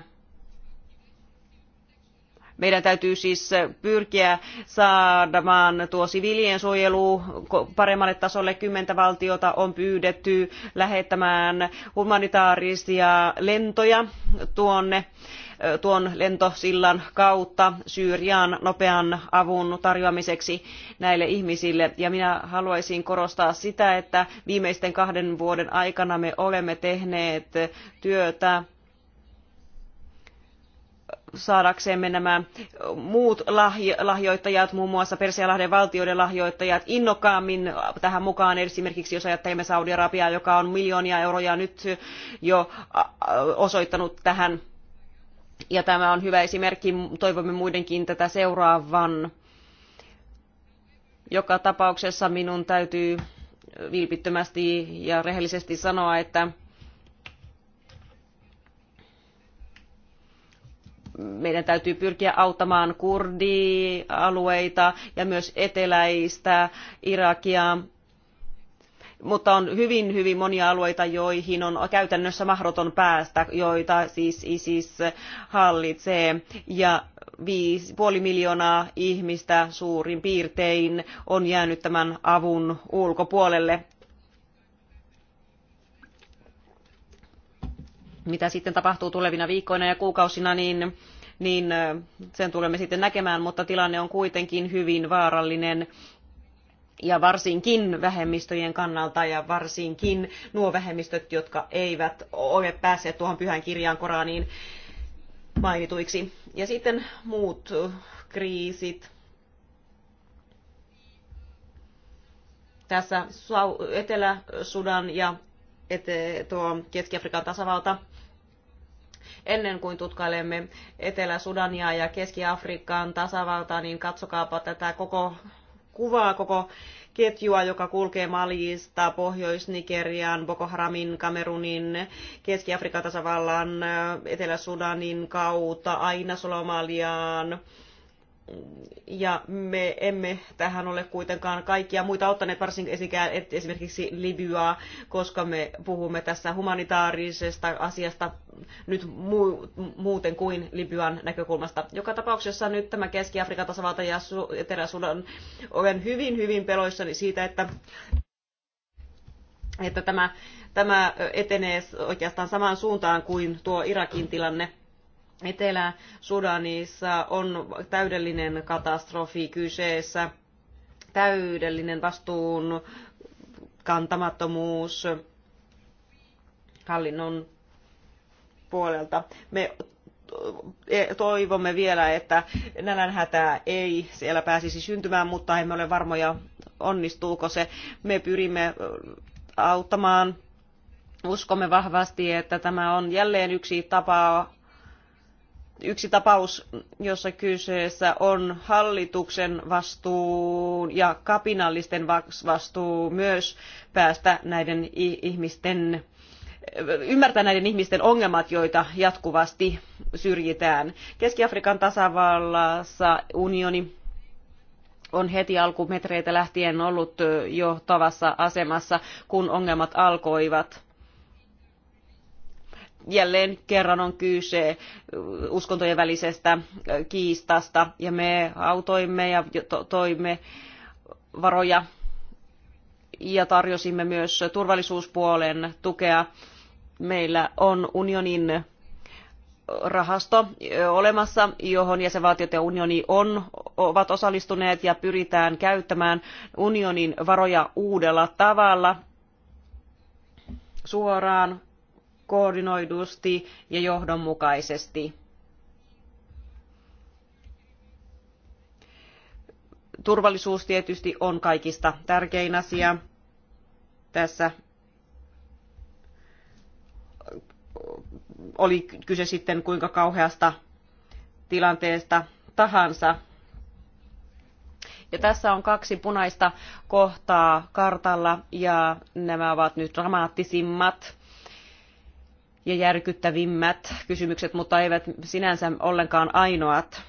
Meidän täytyy siis pyrkiä saamaan tuo siviilien suojelu paremmalle tasolle. Kymmentä valtiota on pyydetty lähettämään humanitaarisia lentoja tuonne tuon lentosillan kautta Syyriaan nopean avun tarjoamiseksi näille ihmisille. Ja minä haluaisin korostaa sitä, että viimeisten kahden vuoden aikana me olemme tehneet työtä saadaksemme nämä muut lahjoittajat, muun muassa Persialahden valtioiden lahjoittajat, innokkaammin tähän mukaan. Esimerkiksi jos ajattelemme Saudi-Arabiaa, joka on miljoonia euroja nyt jo osoittanut tähän ja tämä on hyvä esimerkki, toivomme muidenkin tätä seuraavan. Joka tapauksessa minun täytyy vilpittömästi ja rehellisesti sanoa, että meidän täytyy pyrkiä auttamaan kurdialueita ja myös eteläistä Irakia mutta on hyvin, hyvin monia alueita, joihin on käytännössä mahdoton päästä, joita siis ISIS hallitsee. Ja viisi, puoli miljoonaa ihmistä suurin piirtein on jäänyt tämän avun ulkopuolelle. Mitä sitten tapahtuu tulevina viikkoina ja kuukausina, niin niin sen tulemme sitten näkemään, mutta tilanne on kuitenkin hyvin vaarallinen ja varsinkin vähemmistöjen kannalta ja varsinkin nuo vähemmistöt, jotka eivät ole päässeet tuohon pyhään kirjaan Koraniin mainituiksi. Ja sitten muut kriisit. Tässä Etelä-Sudan ja tuo Keski-Afrikan tasavalta ennen kuin tutkailemme Etelä-Sudania ja Keski-Afrikan tasavaltaa, niin katsokaapa tätä koko kuvaa koko ketjua, joka kulkee Malista, Pohjois-Nigerian, Boko Haramin, Kamerunin, Keski-Afrikan tasavallan, Etelä-Sudanin kautta aina Somaliaan ja me emme tähän ole kuitenkaan kaikkia muita ottaneet, varsinkin esimerkiksi Libyaa, koska me puhumme tässä humanitaarisesta asiasta nyt muuten kuin Libyan näkökulmasta. Joka tapauksessa nyt tämä Keski-Afrikan tasavalta ja Etelä-Sudan olen hyvin, hyvin peloissani siitä, että että tämä, tämä etenee oikeastaan samaan suuntaan kuin tuo Irakin tilanne Etelä-Sudanissa on täydellinen katastrofi kyseessä, täydellinen vastuun kantamattomuus hallinnon puolelta. Me e, toivomme vielä, että nälänhätää ei siellä pääsisi syntymään, mutta emme ole varmoja, onnistuuko se. Me pyrimme auttamaan. Uskomme vahvasti, että tämä on jälleen yksi tapa yksi tapaus, jossa kyseessä on hallituksen vastuu ja kapinallisten vastuu myös päästä näiden ihmisten ymmärtää näiden ihmisten ongelmat, joita jatkuvasti syrjitään. Keski-Afrikan tasavallassa unioni on heti alkumetreitä lähtien ollut johtavassa asemassa, kun ongelmat alkoivat jälleen kerran on kyse uskontojen välisestä kiistasta ja me autoimme ja toimme varoja ja tarjosimme myös turvallisuuspuolen tukea. Meillä on unionin rahasto olemassa, johon jäsenvaltiot ja unioni on, ovat osallistuneet ja pyritään käyttämään unionin varoja uudella tavalla suoraan koordinoidusti ja johdonmukaisesti. Turvallisuus tietysti on kaikista tärkein asia tässä oli kyse sitten kuinka kauheasta tilanteesta tahansa. Ja tässä on kaksi punaista kohtaa kartalla ja nämä ovat nyt dramaattisimmat ja järkyttävimmät kysymykset, mutta eivät sinänsä ollenkaan ainoat äh,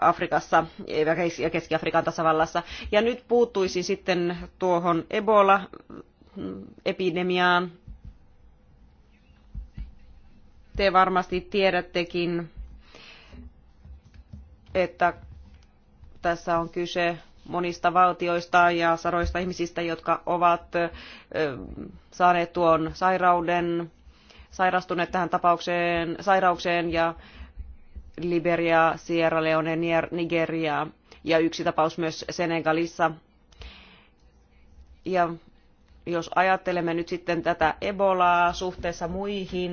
Afrikassa ja Keski-Afrikan tasavallassa. Ja nyt puuttuisin sitten tuohon Ebola-epidemiaan. Te varmasti tiedättekin, että tässä on kyse monista valtioista ja sadoista ihmisistä, jotka ovat saaneet tuon sairauden sairastuneet tähän tapaukseen, sairaukseen ja Liberia, Sierra Leone, Nigeria ja yksi tapaus myös Senegalissa. Ja jos ajattelemme nyt sitten tätä Ebolaa suhteessa muihin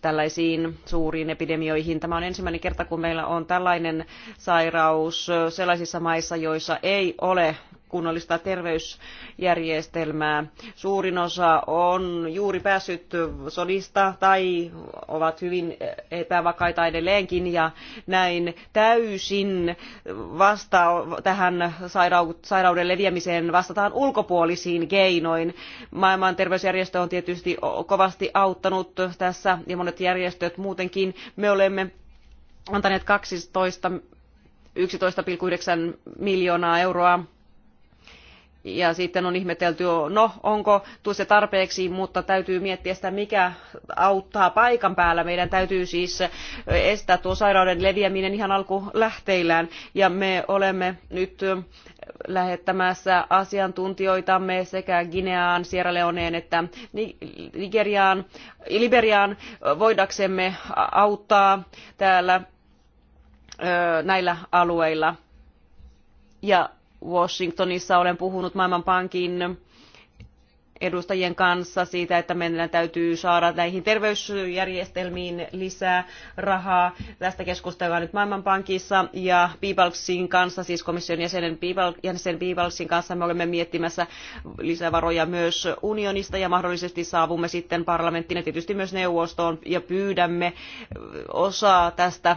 tällaisiin suuriin epidemioihin. Tämä on ensimmäinen kerta, kun meillä on tällainen sairaus sellaisissa maissa, joissa ei ole kunnollista terveysjärjestelmää. Suurin osa on juuri päässyt sodista tai ovat hyvin epävakaita edelleenkin ja näin täysin vasta tähän sairauden leviämiseen vastataan ulkopuolisiin keinoin. Maailman terveysjärjestö on tietysti kovasti auttanut tässä ja monet järjestöt muutenkin. Me olemme antaneet 12 11,9 miljoonaa euroa ja sitten on ihmetelty, no onko se tarpeeksi, mutta täytyy miettiä sitä, mikä auttaa paikan päällä. Meidän täytyy siis estää tuo sairauden leviäminen ihan alkulähteillään. Ja me olemme nyt lähettämässä asiantuntijoitamme sekä Gineaan, Sierra Leoneen että Nigeriaan, Liberiaan voidaksemme auttaa täällä näillä alueilla. Ja Washingtonissa olen puhunut Maailmanpankin edustajien kanssa siitä, että meidän täytyy saada näihin terveysjärjestelmiin lisää rahaa. Tästä keskustellaan nyt Maailmanpankissa ja Peebalsin kanssa, siis komission jäsenen jäsen kanssa me olemme miettimässä lisävaroja myös unionista ja mahdollisesti saavumme sitten parlamenttiin ja tietysti myös neuvostoon ja pyydämme osaa tästä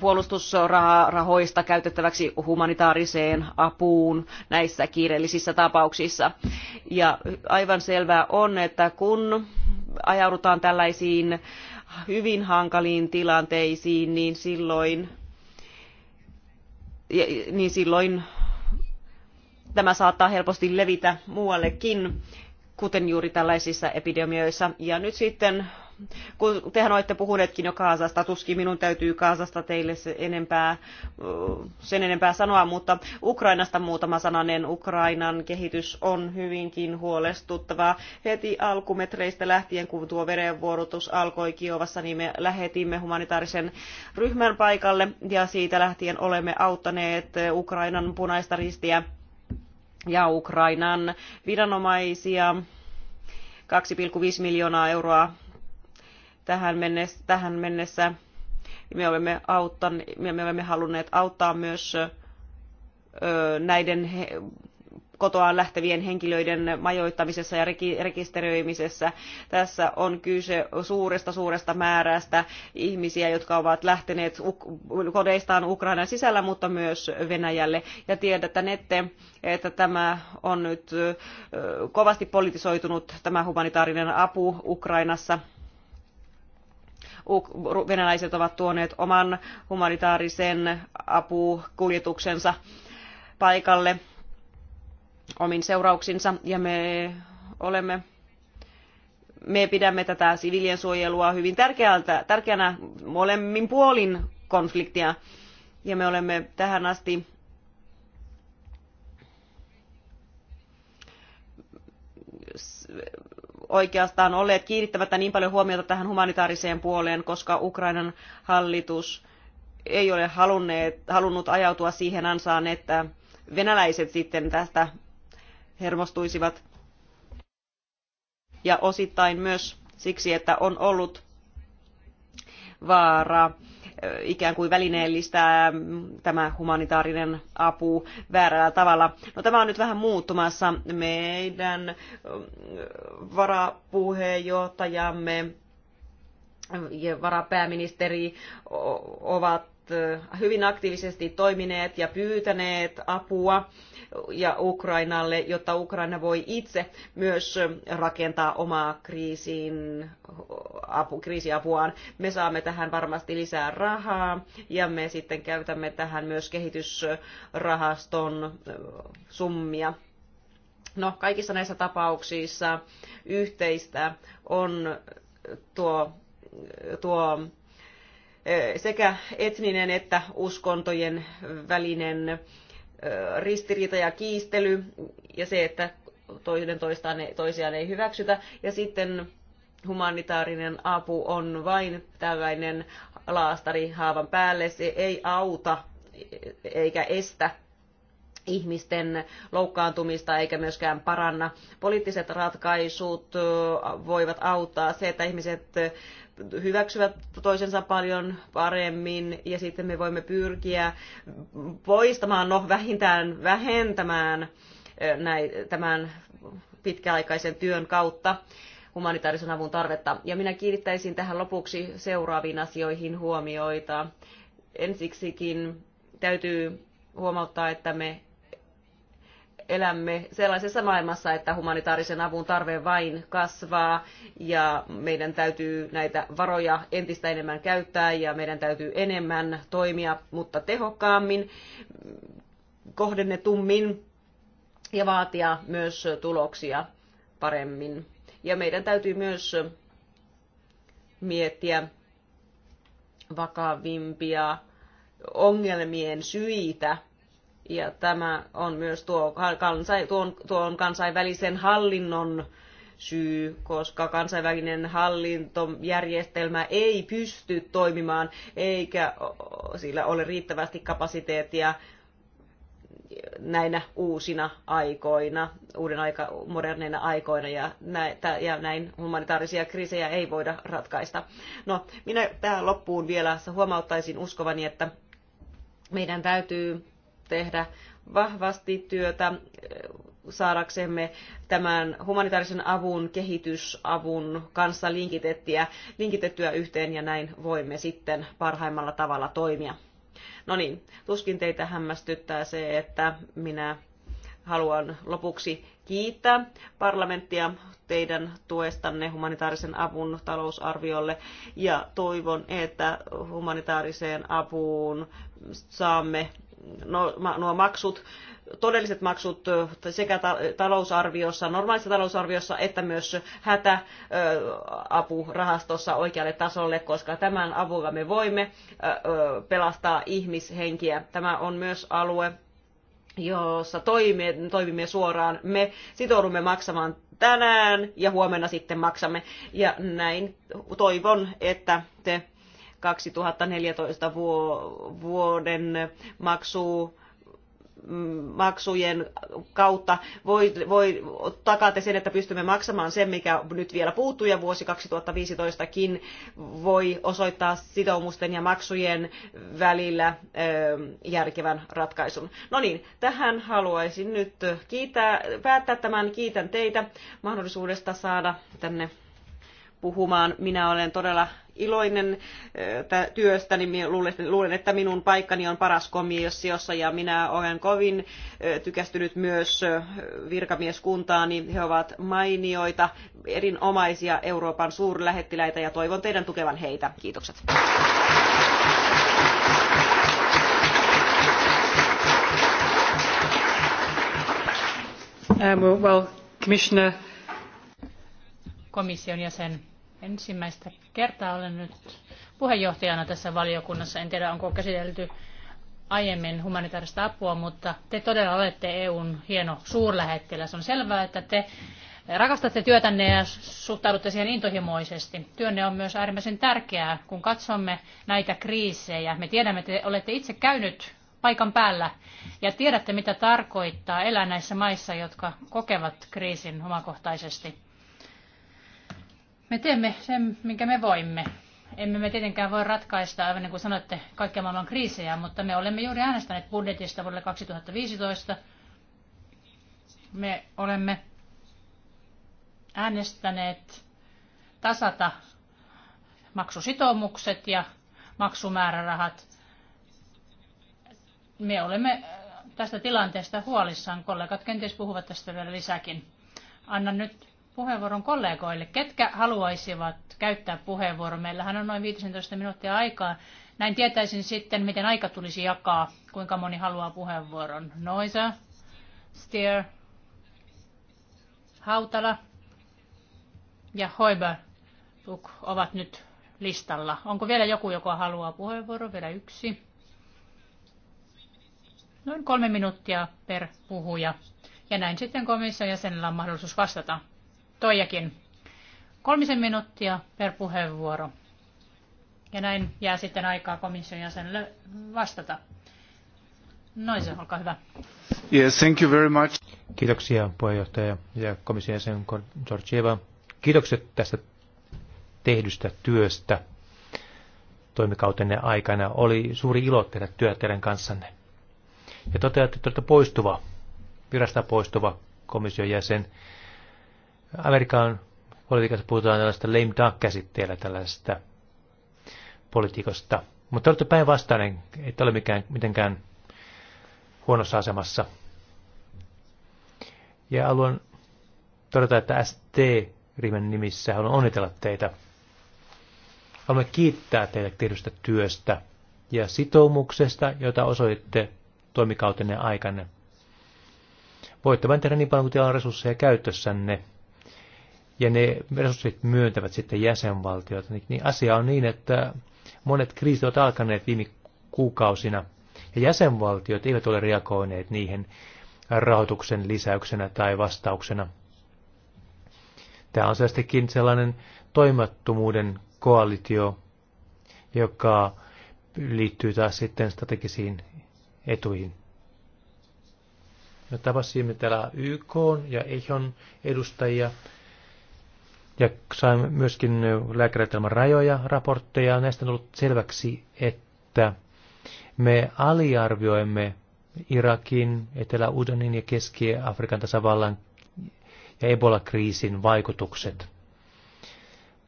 puolustusrahoista käytettäväksi humanitaariseen apuun näissä kiireellisissä tapauksissa. Ja aivan selvää on, että kun ajaudutaan tällaisiin hyvin hankaliin tilanteisiin, niin silloin, niin silloin tämä saattaa helposti levitä muuallekin, kuten juuri tällaisissa epidemioissa. Ja nyt sitten kun tehän olette puhuneetkin jo Kaasasta, tuskin minun täytyy Kaasasta teille se enempää, sen enempää sanoa, mutta Ukrainasta muutama sananen. Ukrainan kehitys on hyvinkin huolestuttava. Heti alkumetreistä lähtien, kun tuo verenvuorotus alkoi Kiovassa, niin me lähetimme humanitaarisen ryhmän paikalle ja siitä lähtien olemme auttaneet Ukrainan punaista ristiä ja Ukrainan viranomaisia. 2,5 miljoonaa euroa tähän mennessä, tähän mennessä me, olemme auttaneet, me olemme halunneet auttaa myös näiden kotoaan lähtevien henkilöiden majoittamisessa ja rekisteröimisessä. Tässä on kyse suuresta suuresta määrästä ihmisiä, jotka ovat lähteneet kodeistaan Ukrainan sisällä, mutta myös Venäjälle. Ja tiedätte, että tämä on nyt kovasti politisoitunut, tämä humanitaarinen apu Ukrainassa – venäläiset ovat tuoneet oman humanitaarisen apukuljetuksensa paikalle omin seurauksinsa ja me olemme me pidämme tätä siviilien suojelua hyvin tärkeältä, tärkeänä molemmin puolin konfliktia. Ja me olemme tähän asti oikeastaan olleet kiinnittämättä niin paljon huomiota tähän humanitaariseen puoleen, koska Ukrainan hallitus ei ole halunneet, halunnut ajautua siihen ansaan, että venäläiset sitten tästä hermostuisivat. Ja osittain myös siksi, että on ollut vaara ikään kuin välineellistää mm, tämä humanitaarinen apu väärällä tavalla. No tämä on nyt vähän muuttumassa. Meidän mm, varapuheenjohtajamme ja varapääministeri ovat hyvin aktiivisesti toimineet ja pyytäneet apua ja Ukrainalle, jotta Ukraina voi itse myös rakentaa omaa kriisiin, apu, kriisiapuaan. Me saamme tähän varmasti lisää rahaa ja me sitten käytämme tähän myös kehitysrahaston summia. No, kaikissa näissä tapauksissa yhteistä on tuo, tuo sekä etninen että uskontojen välinen ristiriita ja kiistely ja se, että toinen toistaan, toisiaan ei hyväksytä. Ja sitten humanitaarinen apu on vain tällainen laastari haavan päälle. Se ei auta e- eikä estä ihmisten loukkaantumista eikä myöskään paranna. Poliittiset ratkaisut voivat auttaa se, että ihmiset hyväksyvät toisensa paljon paremmin ja sitten me voimme pyrkiä poistamaan, no vähintään vähentämään näin, tämän pitkäaikaisen työn kautta humanitaarisen avun tarvetta. Ja minä kiinnittäisin tähän lopuksi seuraaviin asioihin huomioita. Ensiksikin täytyy huomauttaa, että me elämme sellaisessa maailmassa, että humanitaarisen avun tarve vain kasvaa ja meidän täytyy näitä varoja entistä enemmän käyttää ja meidän täytyy enemmän toimia, mutta tehokkaammin, kohdennetummin ja vaatia myös tuloksia paremmin. Ja meidän täytyy myös miettiä vakavimpia ongelmien syitä ja tämä on myös tuo, kansai, tuon, tuon kansainvälisen hallinnon syy, koska kansainvälinen hallintojärjestelmä ei pysty toimimaan eikä sillä ole riittävästi kapasiteettia näinä uusina aikoina, uuden aika, moderneina aikoina ja, näitä, ja näin humanitaarisia kriisejä ei voida ratkaista. No, minä tähän loppuun vielä huomauttaisin uskovani, että meidän täytyy tehdä vahvasti työtä eh, saadaksemme tämän humanitaarisen avun, kehitysavun kanssa linkitettyä, linkitettyä yhteen ja näin voimme sitten parhaimmalla tavalla toimia. No niin, tuskin teitä hämmästyttää se, että minä haluan lopuksi kiittää parlamenttia teidän tuestanne humanitaarisen avun talousarviolle ja toivon, että humanitaariseen apuun saamme No, nuo maksut, todelliset maksut sekä talousarviossa, normaalissa talousarviossa, että myös hätäapurahastossa oikealle tasolle, koska tämän avulla me voimme pelastaa ihmishenkiä. Tämä on myös alue, jossa toimimme, toimimme suoraan. Me sitoudumme maksamaan tänään ja huomenna sitten maksamme. Ja näin toivon, että te 2014 vuoden maksu mm, maksujen kautta voi, voi takate sen, että pystymme maksamaan sen, mikä nyt vielä puuttuu ja vuosi 2015kin voi osoittaa sitoumusten ja maksujen välillä järkevän ratkaisun. No niin, tähän haluaisin nyt kiittää, päättää tämän. Kiitän teitä mahdollisuudesta saada tänne puhumaan. Minä olen todella iloinen eh, työstäni. Luulen, että minun paikkani on paras komissiossa ja minä olen kovin eh, tykästynyt myös eh, virkamieskuntaani. He ovat mainioita, erinomaisia Euroopan suurlähettiläitä ja toivon teidän tukevan heitä. Kiitokset. Um, well, Commissioner. Komission jäsen Ensimmäistä kertaa olen nyt puheenjohtajana tässä valiokunnassa. En tiedä, onko käsitelty aiemmin humanitaarista apua, mutta te todella olette EUn hieno suurlähettiläs. On selvää, että te rakastatte työtänne ja suhtaudutte siihen intohimoisesti. Työnne on myös äärimmäisen tärkeää, kun katsomme näitä kriisejä. Me tiedämme, että te olette itse käynyt paikan päällä ja tiedätte, mitä tarkoittaa elää näissä maissa, jotka kokevat kriisin omakohtaisesti. Me teemme sen, minkä me voimme. Emme me tietenkään voi ratkaista, aivan niin kuin sanoitte, kaikkia maailman kriisejä, mutta me olemme juuri äänestäneet budjetista vuodelle 2015. Me olemme äänestäneet tasata maksusitoumukset ja maksumäärärahat. Me olemme äh, tästä tilanteesta huolissaan. Kollegat kenties puhuvat tästä vielä lisäkin. Annan nyt puheenvuoron kollegoille. Ketkä haluaisivat käyttää puheenvuoron? Meillähän on noin 15 minuuttia aikaa. Näin tietäisin sitten, miten aika tulisi jakaa, kuinka moni haluaa puheenvuoron. Noisa, Stier, Hautala ja Hoiber ovat nyt listalla. Onko vielä joku, joka haluaa puheenvuoron? Vielä yksi. Noin kolme minuuttia per puhuja. Ja näin sitten komission jäsenellä on mahdollisuus vastata. Toijakin. Kolmisen minuuttia per puheenvuoro. Ja näin jää sitten aikaa komission jäsenelle vastata. se, olkaa hyvä. Yes, thank you very much. Kiitoksia puheenjohtaja ja komission jäsen Georgieva. Kiitokset tästä tehdystä työstä toimikautenne aikana. Oli suuri ilo tehdä työtä teidän kanssanne. Ja toteatte, että olette poistuva, virasta poistuva komission jäsen. Amerikan politiikassa puhutaan tällaista lame duck-käsitteellä tällaisesta politiikosta. Mutta olette päinvastainen, että ole mikään, mitenkään huonossa asemassa. Ja haluan todeta, että ST-rimen nimissä haluan onnitella teitä. Haluan kiittää teitä tehdystä työstä ja sitoumuksesta, jota osoitte toimikautenne aikana. Voitte vain tehdä niin paljon kuin teillä on resursseja käytössänne – ja ne resurssit myöntävät sitten jäsenvaltiot, niin, niin asia on niin, että monet kriisit ovat alkaneet viime kuukausina, ja jäsenvaltiot eivät ole reagoineet niihin rahoituksen lisäyksenä tai vastauksena. Tämä on selvästikin sellainen toimattomuuden koalitio, joka liittyy taas sitten strategisiin etuihin. Me tapasimme täällä YK ja EHON edustajia ja sain myöskin lääkäritelman rajoja raportteja. Näistä on ollut selväksi, että me aliarvioimme Irakin, Etelä-Udanin ja Keski-Afrikan tasavallan ja Ebola-kriisin vaikutukset.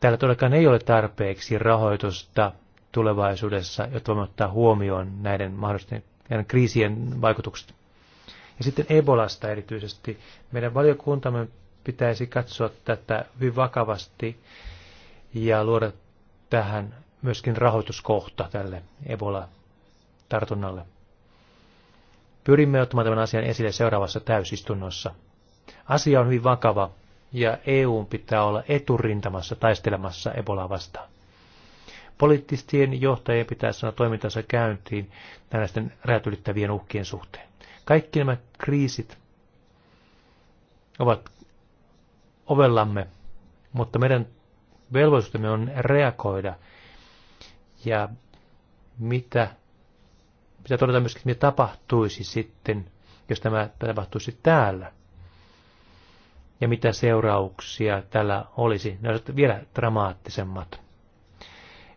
Täällä todellakaan ei ole tarpeeksi rahoitusta tulevaisuudessa, jotta voimme ottaa huomioon näiden mahdollisten näiden kriisien vaikutukset. Ja sitten Ebolasta erityisesti. Meidän valiokuntamme pitäisi katsoa tätä hyvin vakavasti ja luoda tähän myöskin rahoituskohta tälle Ebola-tartunnalle. Pyrimme ottamaan tämän asian esille seuraavassa täysistunnossa. Asia on hyvin vakava ja EU pitää olla eturintamassa taistelemassa Ebolaa vastaan. Poliittisten johtajien pitää saada toimintansa käyntiin tällaisten räätylittävien uhkien suhteen. Kaikki nämä kriisit ovat ovellamme, mutta meidän velvollisuutemme on reagoida ja mitä, mitä todeta myöskin, mitä tapahtuisi sitten, jos tämä tapahtuisi täällä. Ja mitä seurauksia tällä olisi. Ne olisivat vielä dramaattisemmat.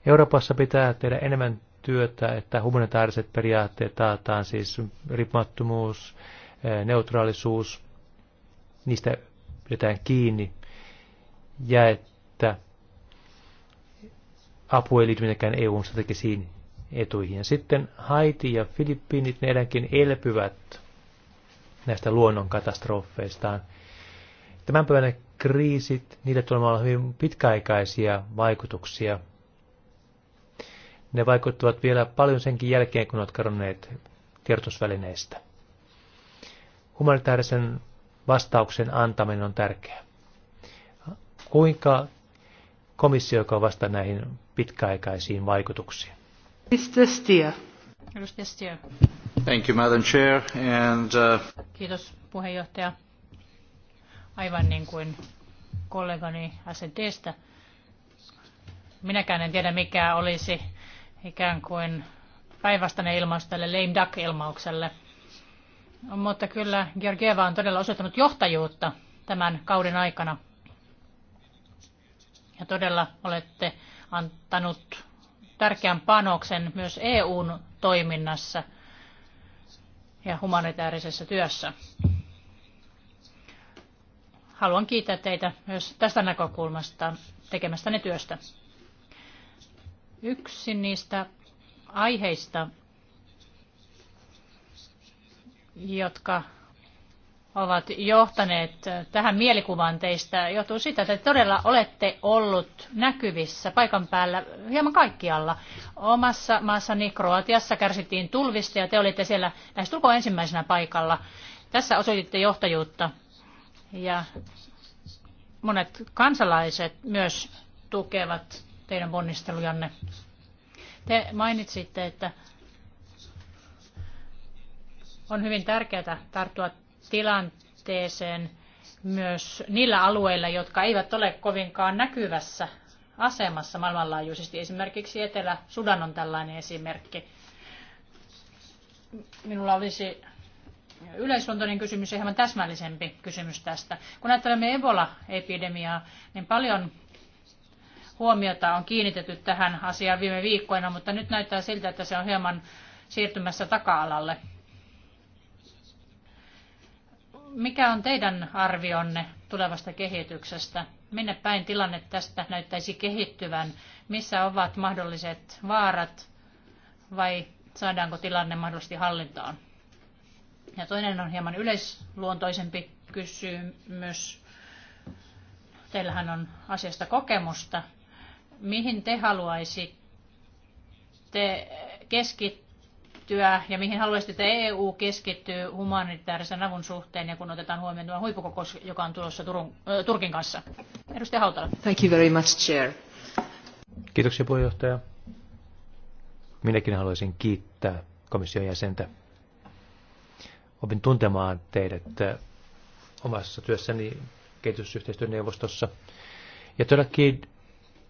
Euroopassa pitää tehdä enemmän työtä, että humanitaariset periaatteet taataan, siis riippumattomuus, eh, neutraalisuus, niistä jotain kiinni ja että apu ei liity mitenkään EUn strategisiin etuihin. Ja sitten Haiti ja Filippiinit, ne edelläkin elpyvät näistä luonnonkatastrofeistaan. Tämän päivänä kriisit, niille tulee olla hyvin pitkäaikaisia vaikutuksia. Ne vaikuttavat vielä paljon senkin jälkeen, kun olet kadonneet tiedotusvälineistä. Humanitaarisen vastauksen antaminen on tärkeää. Kuinka komissio, joka vastaa näihin pitkäaikaisiin vaikutuksiin? Mr. Stier. Edustaja Stier. Thank you, Madam Chair. And, uh... Kiitos puheenjohtaja. Aivan niin kuin kollegani SNTstä. Minäkään en tiedä, mikä olisi ikään kuin päinvastainen ilmaus tälle lame duck-ilmaukselle – mutta kyllä Georgieva on todella osoittanut johtajuutta tämän kauden aikana. Ja todella olette antanut tärkeän panoksen myös EUn toiminnassa ja humanitaarisessa työssä. Haluan kiittää teitä myös tästä näkökulmasta tekemästäne työstä. Yksi niistä aiheista, jotka ovat johtaneet tähän mielikuvaan teistä, johtuu siitä, että todella olette ollut näkyvissä paikan päällä hieman kaikkialla. Omassa maassani Kroatiassa kärsittiin tulvista ja te olitte siellä lähestulkoon ensimmäisenä paikalla. Tässä osoititte johtajuutta ja monet kansalaiset myös tukevat teidän ponnistelujanne. Te mainitsitte, että on hyvin tärkeää tarttua tilanteeseen myös niillä alueilla, jotka eivät ole kovinkaan näkyvässä asemassa maailmanlaajuisesti. Esimerkiksi Etelä-Sudan on tällainen esimerkki. Minulla olisi yleisluontoinen kysymys ja hieman täsmällisempi kysymys tästä. Kun ajattelemme Ebola-epidemiaa, niin paljon huomiota on kiinnitetty tähän asiaan viime viikkoina, mutta nyt näyttää siltä, että se on hieman siirtymässä taka-alalle. Mikä on teidän arvionne tulevasta kehityksestä? Minne päin tilanne tästä näyttäisi kehittyvän? Missä ovat mahdolliset vaarat vai saadaanko tilanne mahdollisesti hallintaan? Ja toinen on hieman yleisluontoisempi kysymys. Teillähän on asiasta kokemusta. Mihin te haluaisitte keskittyä? keskittyä ja mihin haluaisit, että EU keskittyy humanitaarisen avun suhteen ja kun otetaan huomioon tämä huippukokous, joka on tulossa Turun, äh, Turkin kanssa? Edustaja Hautala. Thank you very much, Chair. Kiitoksia puheenjohtaja. Minäkin haluaisin kiittää komission jäsentä. Opin tuntemaan teidät omassa työssäni kehitysyhteistyöneuvostossa. Ja todellakin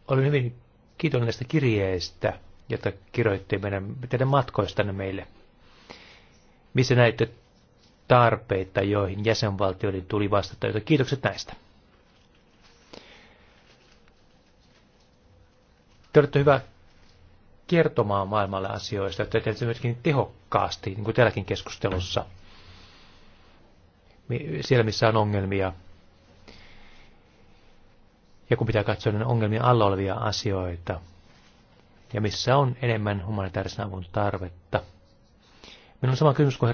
olen hyvin kiitollinen näistä kirjeistä, jota kirjoitti meidän, teidän matkoistanne meille. Missä näitte tarpeita, joihin jäsenvaltioiden tuli vastata, joita kiitokset näistä. Te olette hyvä kertomaan maailmalle asioista, että teette myöskin tehokkaasti, niin kuin tälläkin keskustelussa, siellä missä on ongelmia. Ja kun pitää katsoa niin ongelmien alla olevia asioita, ja missä on enemmän humanitaarisen avun tarvetta. Minulla on sama kysymys kuin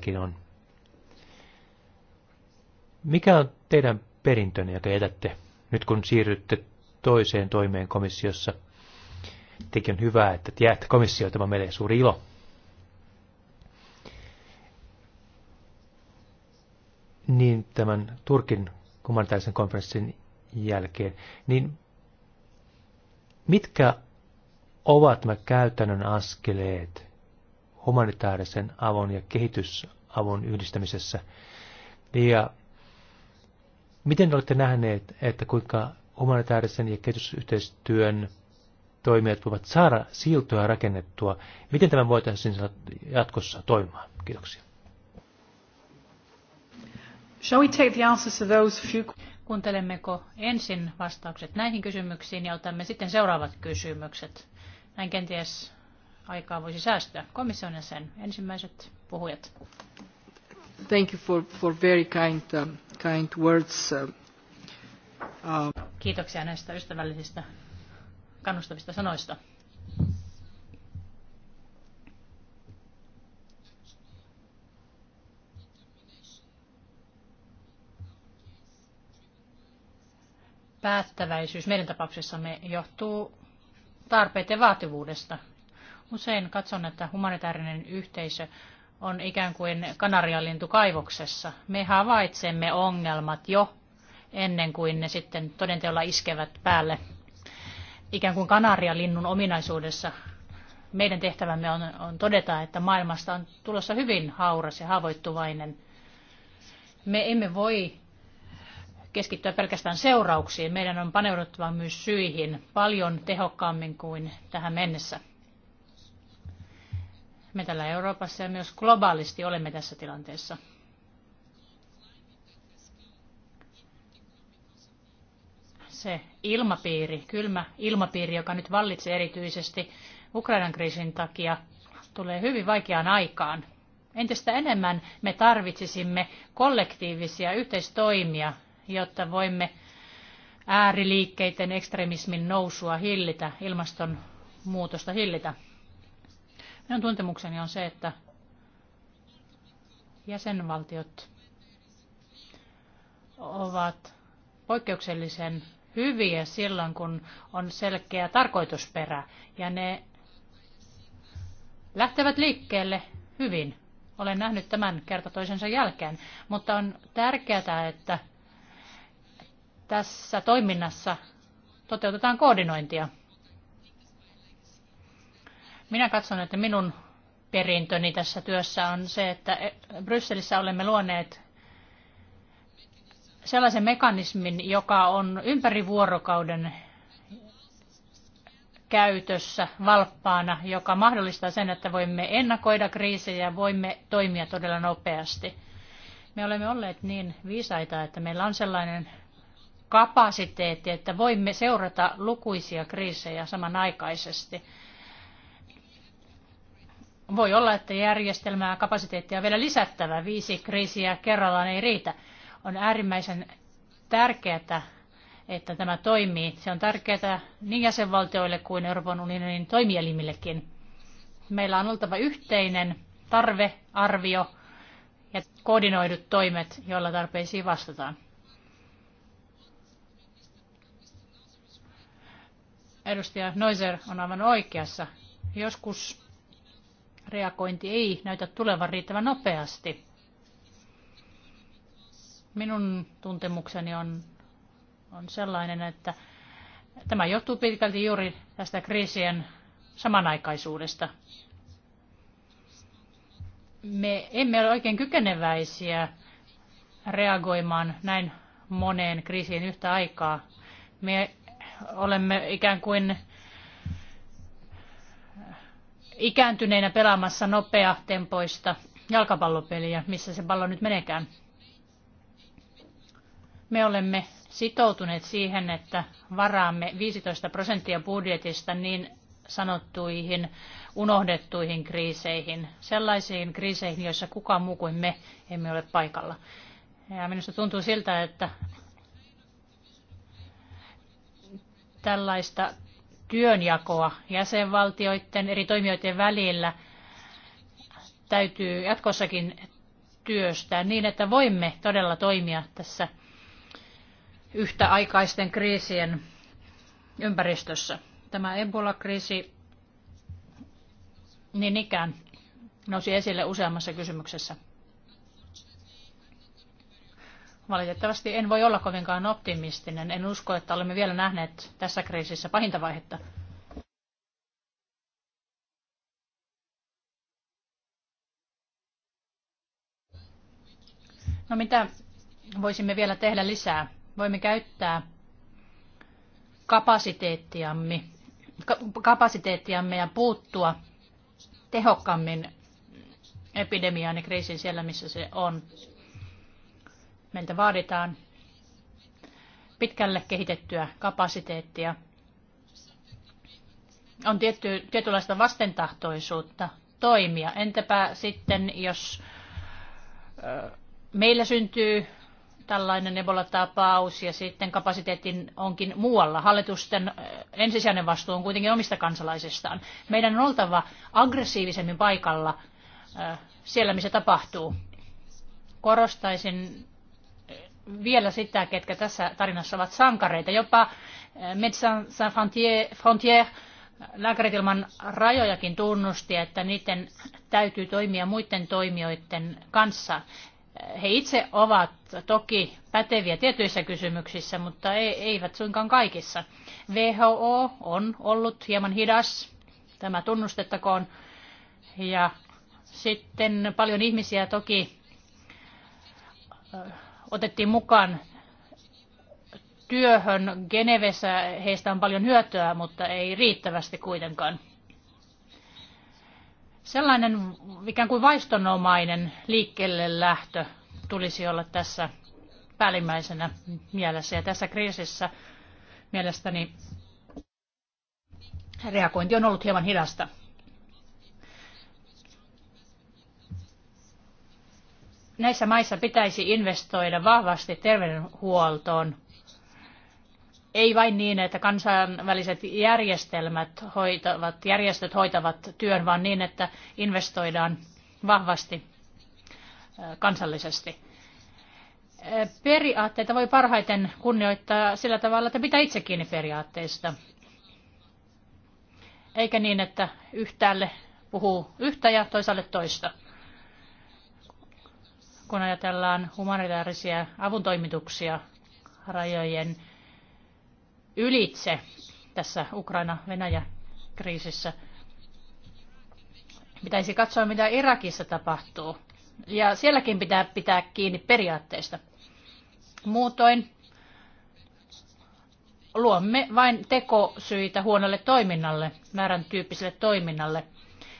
herra on. Mikä on teidän perintönne, jota jätätte nyt kun siirrytte toiseen toimeen komissiossa? Tekin on hyvä, että jäätte komissioon, tämä meille suuri ilo. Niin tämän Turkin humanitaarisen konferenssin jälkeen, niin mitkä ovat nämä käytännön askeleet humanitaarisen avun ja kehitysavun yhdistämisessä. Ja miten olette nähneet, että kuinka humanitaarisen ja kehitysyhteistyön toimijat voivat saada siltoja rakennettua? Miten tämä voitaisiin jatkossa toimimaan? Kiitoksia. Shall we take the answers to those few... Kuuntelemmeko ensin vastaukset näihin kysymyksiin ja otamme sitten seuraavat kysymykset. Näin kenties aikaa voisi säästää. Komission sen ensimmäiset puhujat. Thank you for, for very kind, uh, kind words. Uh, uh. Kiitoksia näistä ystävällisistä kannustavista sanoista. Päättäväisyys meidän tapauksessamme johtuu ja vaativuudesta. Usein katson, että humanitaarinen yhteisö on ikään kuin kanarialintu kaivoksessa. Me havaitsemme ongelmat jo ennen kuin ne sitten todenteolla iskevät päälle. Ikään kuin kanarialinnun ominaisuudessa meidän tehtävämme on, on todeta, että maailmasta on tulossa hyvin hauras ja haavoittuvainen. Me emme voi keskittyä pelkästään seurauksiin. Meidän on paneuduttava myös syihin paljon tehokkaammin kuin tähän mennessä. Me täällä Euroopassa ja myös globaalisti olemme tässä tilanteessa. Se ilmapiiri, kylmä ilmapiiri, joka nyt vallitsee erityisesti Ukrainan kriisin takia, tulee hyvin vaikeaan aikaan. Entistä enemmän me tarvitsisimme kollektiivisia yhteistoimia jotta voimme ääriliikkeiden ekstremismin nousua hillitä, ilmastonmuutosta hillitä. Minun tuntemukseni on se, että jäsenvaltiot ovat poikkeuksellisen hyviä silloin, kun on selkeä tarkoitusperä ja ne lähtevät liikkeelle hyvin. Olen nähnyt tämän kerta toisensa jälkeen, mutta on tärkeää, että tässä toiminnassa toteutetaan koordinointia. Minä katson, että minun perintöni tässä työssä on se, että e, Brysselissä olemme luoneet sellaisen mekanismin, joka on ympärivuorokauden käytössä valppaana, joka mahdollistaa sen, että voimme ennakoida kriisejä ja voimme toimia todella nopeasti. Me olemme olleet niin viisaita, että meillä on sellainen kapasiteetti, että voimme seurata lukuisia kriisejä samanaikaisesti. Voi olla, että järjestelmää kapasiteettia on vielä lisättävä. Viisi kriisiä kerrallaan ei riitä. On äärimmäisen tärkeää, että tämä toimii. Se on tärkeää niin jäsenvaltioille kuin Euroopan unionin toimielimillekin. Meillä on oltava yhteinen tarvearvio ja koordinoidut toimet, joilla tarpeisiin vastataan. Edustaja Noiser on aivan oikeassa. Joskus reagointi ei näytä tulevan riittävän nopeasti. Minun tuntemukseni on, on sellainen, että tämä johtuu pitkälti juuri tästä kriisien samanaikaisuudesta. Me emme ole oikein kykeneväisiä reagoimaan näin moneen kriisiin yhtä aikaa. Me olemme ikään kuin ikääntyneinä pelaamassa nopeatempoista jalkapallopeliä, missä se pallo nyt menekään. Me olemme sitoutuneet siihen, että varaamme 15 prosenttia budjetista niin sanottuihin unohdettuihin kriiseihin, sellaisiin kriiseihin, joissa kukaan muu kuin me emme ole paikalla. Ja minusta tuntuu siltä, että tällaista työnjakoa jäsenvaltioiden eri toimijoiden välillä täytyy jatkossakin työstää niin, että voimme todella toimia tässä yhtäaikaisten kriisien ympäristössä. Tämä Ebola-kriisi niin ikään nousi esille useammassa kysymyksessä. Valitettavasti en voi olla kovinkaan optimistinen. En usko, että olemme vielä nähneet tässä kriisissä pahinta vaihetta. No mitä voisimme vielä tehdä lisää? Voimme käyttää kapasiteettiamme, kapasiteettiamme ja puuttua tehokkaammin epidemiaan ja kriisiin siellä, missä se on. Meiltä vaaditaan pitkälle kehitettyä kapasiteettia. On tietty, tietynlaista vastentahtoisuutta toimia. Entäpä sitten, jos meillä syntyy tällainen Ebola-tapaus ja sitten kapasiteetin onkin muualla. Hallitusten ensisijainen vastuu on kuitenkin omista kansalaisistaan. Meidän on oltava aggressiivisemmin paikalla siellä, missä tapahtuu. Korostaisin vielä sitä, ketkä tässä tarinassa ovat sankareita. Jopa eh, Médecins Sans Frontières lääkärit ilman rajojakin tunnusti, että niiden täytyy toimia muiden toimijoiden kanssa. Eh, he itse ovat toki päteviä tietyissä kysymyksissä, mutta eivät suinkaan kaikissa. WHO on ollut hieman hidas, tämä tunnustettakoon. Ja sitten paljon ihmisiä toki eh, otettiin mukaan työhön Genevessä. Heistä on paljon hyötyä, mutta ei riittävästi kuitenkaan. Sellainen ikään kuin vaistonomainen liikkeelle lähtö tulisi olla tässä päällimmäisenä mielessä. Ja tässä kriisissä mielestäni reagointi on ollut hieman hidasta. näissä maissa pitäisi investoida vahvasti terveydenhuoltoon. Ei vain niin, että kansainväliset järjestelmät hoitavat, järjestöt hoitavat työn, vaan niin, että investoidaan vahvasti kansallisesti. Periaatteita voi parhaiten kunnioittaa sillä tavalla, että pitää itse kiinni periaatteista. Eikä niin, että yhtäälle puhuu yhtä ja toisaalle toista kun ajatellaan humanitaarisia avuntoimituksia rajojen ylitse tässä Ukraina-Venäjä-kriisissä. Pitäisi katsoa, mitä Irakissa tapahtuu. Ja sielläkin pitää pitää kiinni periaatteista. Muutoin luomme vain tekosyitä huonolle toiminnalle, määrän tyyppiselle toiminnalle.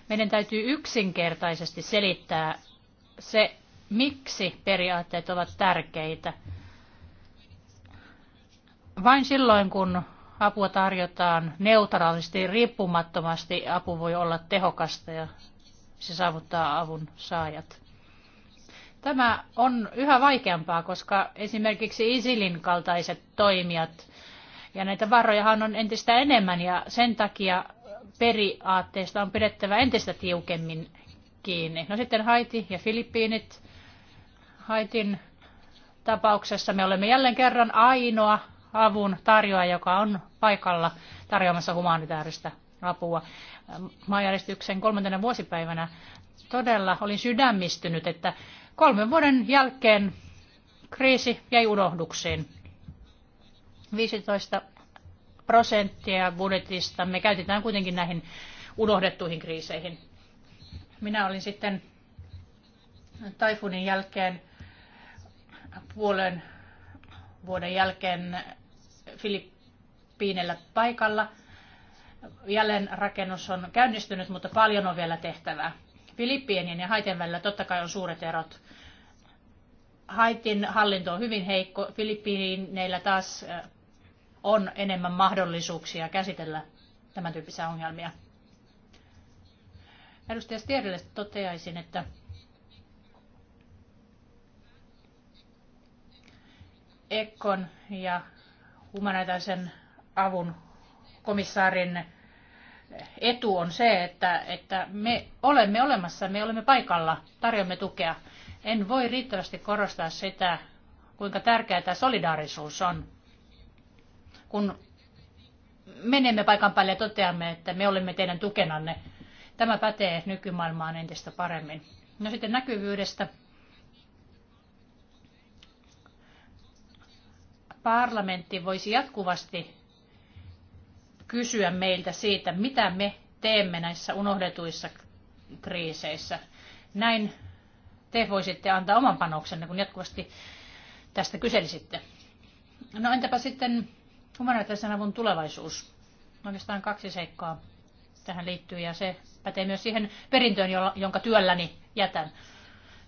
Meidän täytyy yksinkertaisesti selittää se, miksi periaatteet ovat tärkeitä. Vain silloin, kun apua tarjotaan neutraalisti, riippumattomasti, apu voi olla tehokasta ja se saavuttaa avun saajat. Tämä on yhä vaikeampaa, koska esimerkiksi Isilin kaltaiset toimijat, ja näitä varojahan on entistä enemmän, ja sen takia periaatteista on pidettävä entistä tiukemmin kiinni. No sitten Haiti ja Filippiinit. Haitin tapauksessa me olemme jälleen kerran ainoa avun tarjoaja, joka on paikalla tarjoamassa humanitaarista apua. Maanjäristyksen kolmantena vuosipäivänä todella olin sydämistynyt, että kolmen vuoden jälkeen kriisi jäi unohdukseen. 15 prosenttia budjetista me käytetään kuitenkin näihin unohdettuihin kriiseihin. Minä olin sitten taifunin jälkeen puolen vuoden jälkeen Filippiinellä paikalla. Jälleenrakennus on käynnistynyt, mutta paljon on vielä tehtävää. Filippiinien ja Haitin välillä totta kai on suuret erot. Haitin hallinto on hyvin heikko. Filippiineillä taas eh, on enemmän mahdollisuuksia käsitellä tämän tyyppisiä ongelmia. Edustaja Stierille toteaisin, että Ekkon ja humanitaarisen avun komissaarin etu on se, että, että me olemme olemassa, me olemme paikalla, tarjoamme tukea. En voi riittävästi korostaa sitä, kuinka tärkeää tämä solidaarisuus on. Kun menemme paikan päälle ja toteamme, että me olemme teidän tukenanne, tämä pätee nykymaailmaan entistä paremmin. No sitten näkyvyydestä. parlamentti voisi jatkuvasti kysyä meiltä siitä, mitä me teemme näissä unohdetuissa kriiseissä. Näin te voisitte antaa oman panoksenne, kun jatkuvasti tästä kyselisitte. No entäpä sitten humanitaarisen avun tulevaisuus? Oikeastaan kaksi seikkaa tähän liittyy ja se pätee myös siihen perintöön, jonka työlläni jätän.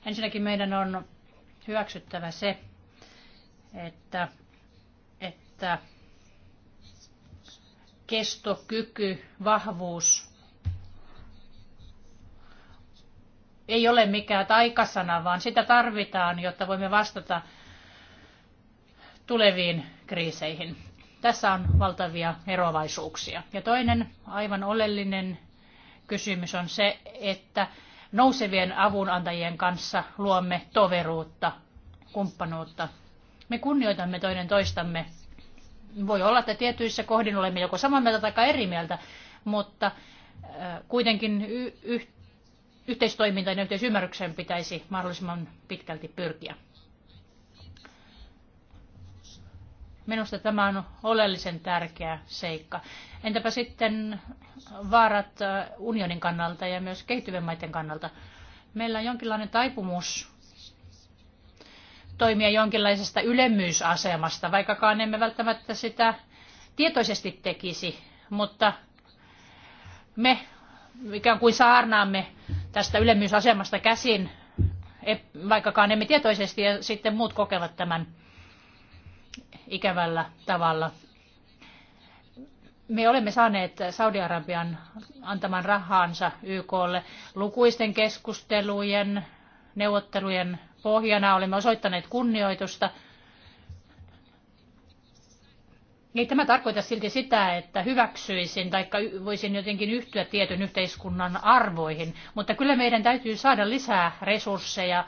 Ensinnäkin meidän on hyväksyttävä se, että että kestokyky, vahvuus ei ole mikään taikasana, vaan sitä tarvitaan, jotta voimme vastata tuleviin kriiseihin. Tässä on valtavia eroavaisuuksia. Ja toinen aivan oleellinen kysymys on se, että nousevien avunantajien kanssa luomme toveruutta, kumppanuutta. Me kunnioitamme toinen toistamme voi olla, että tietyissä kohdin olemme joko samaa mieltä tai eri mieltä, mutta kuitenkin y- y- yhteistoimintaan ja yhteisymmärrykseen pitäisi mahdollisimman pitkälti pyrkiä. Minusta tämä on oleellisen tärkeä seikka. Entäpä sitten vaarat unionin kannalta ja myös kehittyvien maiden kannalta? Meillä on jonkinlainen taipumus toimia jonkinlaisesta ylemmyysasemasta, vaikkakaan emme välttämättä sitä tietoisesti tekisi, mutta me ikään kuin saarnaamme tästä ylemmyysasemasta käsin, vaikkakaan emme tietoisesti, ja sitten muut kokevat tämän ikävällä tavalla. Me olemme saaneet Saudi-Arabian antaman rahansa YKlle lukuisten keskustelujen, neuvottelujen pohjana, olemme osoittaneet kunnioitusta. Ei tämä tarkoita silti sitä, että hyväksyisin tai voisin jotenkin yhtyä tietyn yhteiskunnan arvoihin, mutta kyllä meidän täytyy saada lisää resursseja,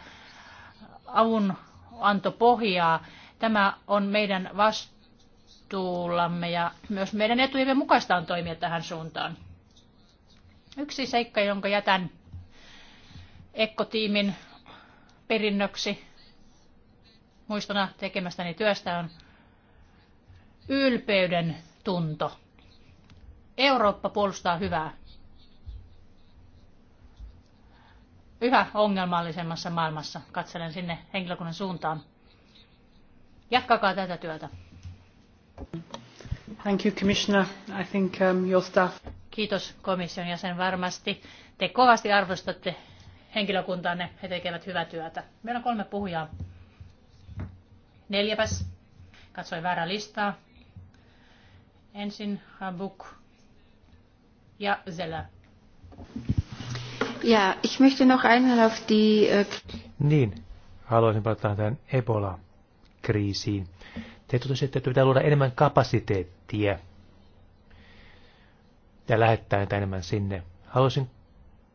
avun antopohjaa. Tämä on meidän vastuullamme ja myös meidän etujemme mukaista on toimia tähän suuntaan. Yksi seikka, jonka jätän ekkotiimin perinnöksi muistona tekemästäni työstä on ylpeyden tunto. Eurooppa puolustaa hyvää. Yhä ongelmallisemmassa maailmassa. Katselen sinne henkilökunnan suuntaan. Jatkakaa tätä työtä. Thank you, Commissioner. I think um, your staff... Kiitos komission jäsen varmasti. Te kovasti arvostatte henkilökuntaanne. He tekevät hyvää työtä. Meillä on kolme puhujaa. Neljäpäs. Katsoin väärää listaa. Ensin Habuk ja Zella. Ja, ich möchte noch einmal auf die... Äh, niin, haluaisin palata tähän Ebola-kriisiin. Te totesitte, että pitää luoda enemmän kapasiteettia ja lähettää niitä enemmän sinne. Haluaisin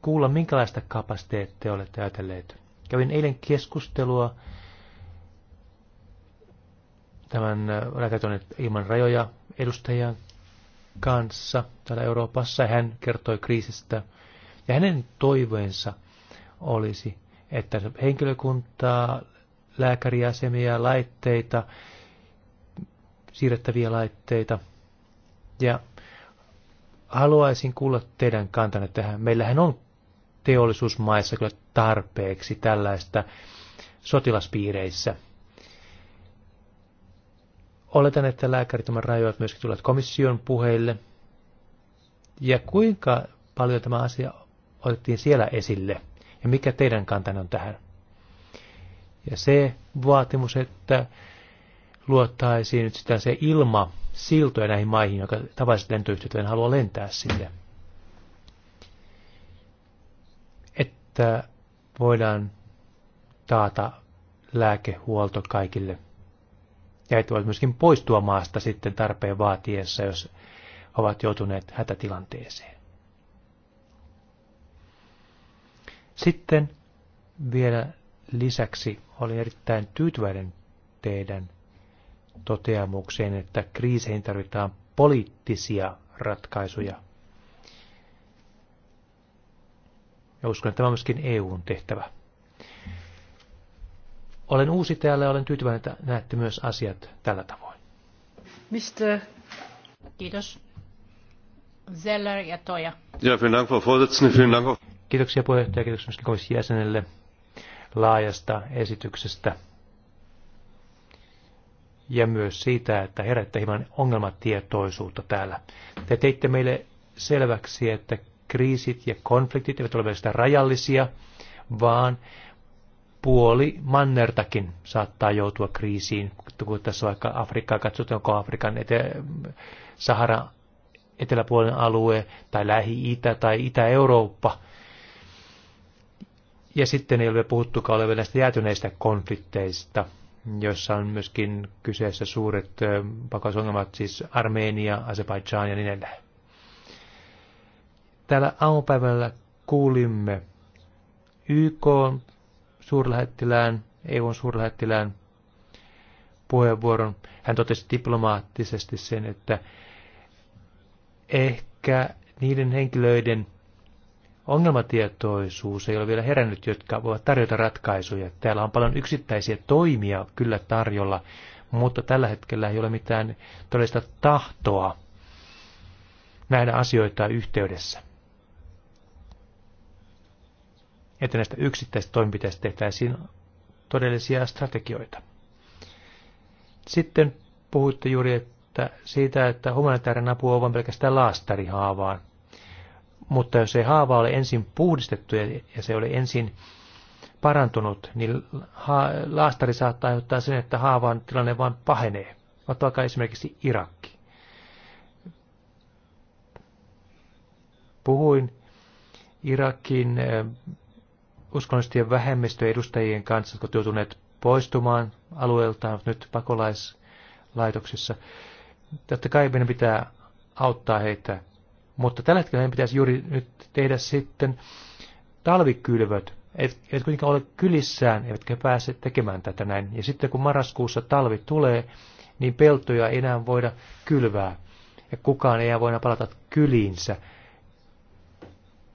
kuulla, minkälaista kapasiteettia olette ajatelleet. Kävin eilen keskustelua tämän äh, Räätätonet ilman rajoja edustajan kanssa täällä Euroopassa. Hän kertoi kriisistä ja hänen toiveensa olisi, että henkilökuntaa, lääkäriasemia, laitteita, siirrettäviä laitteita. Ja haluaisin kuulla teidän kantanne tähän. Meillähän on teollisuusmaissa kyllä tarpeeksi tällaista sotilaspiireissä. Oletan, että lääkärittömän rajoit myöskin tulevat komission puheille. Ja kuinka paljon tämä asia otettiin siellä esille? Ja mikä teidän kantanne on tähän? Ja se vaatimus, että luottaisiin nyt sitä se ilma siltoja näihin maihin, joka tavalliset lentoyhtiöt haluaa lentää sinne. että voidaan taata lääkehuolto kaikille. Ja että voivat myöskin poistua maasta sitten tarpeen vaatiessa, jos ovat joutuneet hätätilanteeseen. Sitten vielä lisäksi olin erittäin tyytyväinen teidän toteamukseen, että kriiseihin tarvitaan poliittisia ratkaisuja Ja uskon, että tämä on myöskin EUn tehtävä. Olen uusi täällä ja olen tyytyväinen, että näette myös asiat tällä tavoin. Mister. Kiitos. Zeller ja Toja. Ja, vielen Dank, Frau vielen Dank. Kiitoksia puheenjohtaja, kiitoksia myöskin komission jäsenelle laajasta esityksestä. Ja myös siitä, että herätte hieman ongelmatietoisuutta täällä. Te teitte meille selväksi, että kriisit ja konfliktit eivät ole pelkästään rajallisia, vaan puoli mannertakin saattaa joutua kriisiin, kun tässä vaikka Afrikkaa katsotaan, onko Afrikan ete- Sahara eteläpuolen alue tai Lähi-Itä tai Itä-Eurooppa. Ja sitten ei ole puhuttukaan ole vielä näistä jäätyneistä konflikteista, joissa on myöskin kyseessä suuret pakolaisongelmat, siis Armenia, Azerbaijan ja niin edelleen. Täällä aamupäivällä kuulimme YK suurlähettilään, EUn suurlähettilään puheenvuoron. Hän totesi diplomaattisesti sen, että ehkä niiden henkilöiden ongelmatietoisuus ei ole vielä herännyt, jotka voivat tarjota ratkaisuja. Täällä on paljon yksittäisiä toimia kyllä tarjolla, mutta tällä hetkellä ei ole mitään todellista tahtoa nähdä asioita yhteydessä. että näistä yksittäisistä toimenpiteistä tehtäisiin todellisia strategioita. Sitten puhuitte juuri että siitä, että humanitaarinen apu on vain pelkästään laastarihaavaan. Mutta jos se haava oli ensin puhdistettu ja se oli ensin parantunut, niin laastari saattaa aiheuttaa sen, että haavan tilanne vain pahenee. vaikka esimerkiksi Irakki. Puhuin Irakin eh, uskonnollisten vähemmistöedustajien kanssa, jotka joutuneet poistumaan alueeltaan nyt pakolaislaitoksissa. Totta kai meidän pitää auttaa heitä, mutta tällä hetkellä meidän pitäisi juuri nyt tehdä sitten talvikylvöt. Eivät kuitenkaan ole kylissään, eivätkä pääse tekemään tätä näin. Ja sitten kun marraskuussa talvi tulee, niin peltoja ei enää voida kylvää. Ja kukaan ei enää voida palata kyliinsä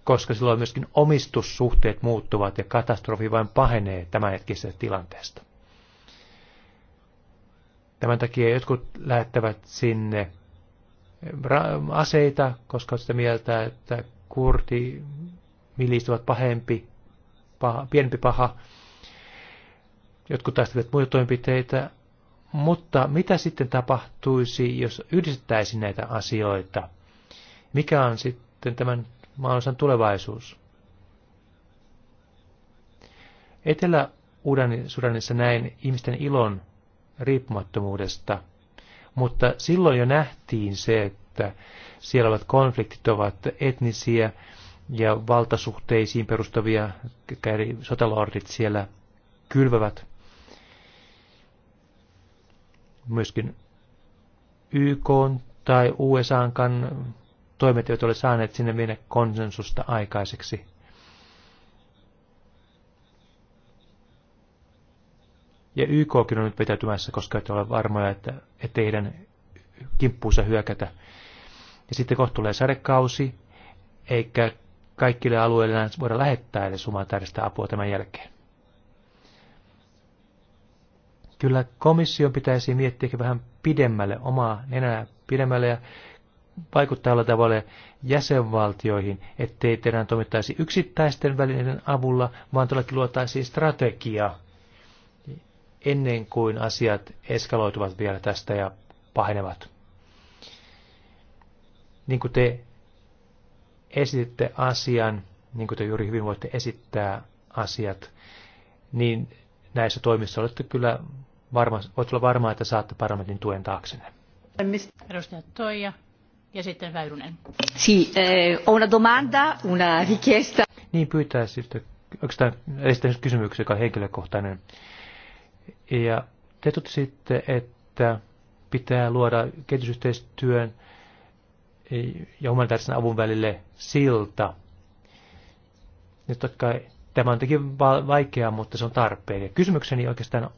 koska silloin myöskin omistussuhteet muuttuvat ja katastrofi vain pahenee tämänhetkisestä tilanteesta. Tämän takia jotkut lähettävät sinne aseita, koska sitä mieltä, että kurti milistuvat pahempi, paha, pienempi paha. Jotkut taistelevat muita toimenpiteitä, mutta mitä sitten tapahtuisi, jos yhdistettäisiin näitä asioita? Mikä on sitten tämän maanosan tulevaisuus. Etelä-Sudanissa näin ihmisten ilon riippumattomuudesta, mutta silloin jo nähtiin se, että siellä olevat konfliktit ovat etnisiä ja valtasuhteisiin perustavia, jotka eri sotalordit siellä kylvävät. Myöskin YK tai USA toimet eivät ole saaneet sinne vielä konsensusta aikaiseksi. Ja YKkin on nyt vetäytymässä, koska et ole varmoja, että teidän kimppuunsa hyökätä. Ja sitten kohta tulee sadekausi, eikä kaikille alueille voida lähettää edes humanitaarista apua tämän jälkeen. Kyllä komission pitäisi miettiä vähän pidemmälle omaa nenää pidemmälle ja vaikuttaa tavalla jäsenvaltioihin, ettei teidän toimittaisi yksittäisten välineiden avulla, vaan todellakin luotaisiin strategia ennen kuin asiat eskaloituvat vielä tästä ja pahenevat. Niin kuin te esititte asian, niin kuin te juuri hyvin voitte esittää asiat, niin näissä toimissa olette kyllä varma, voit olla varma, että saatte parlamentin tuen taaksenne. Edustaja Toija. Ja sitten Väyrynen. Si, eh, una domanda, una richiesta. Niin pyytää sitten, siis, onko tämä esittänyt kysymyksen, joka on henkilökohtainen. Ja te sitten, että pitää luoda kehitysyhteistyön eh, ja humanitaarisen avun välille silta. Nyt totta kai tämä on tietenkin vaikeaa, mutta se on tarpeen. Ja kysymykseni oikeastaan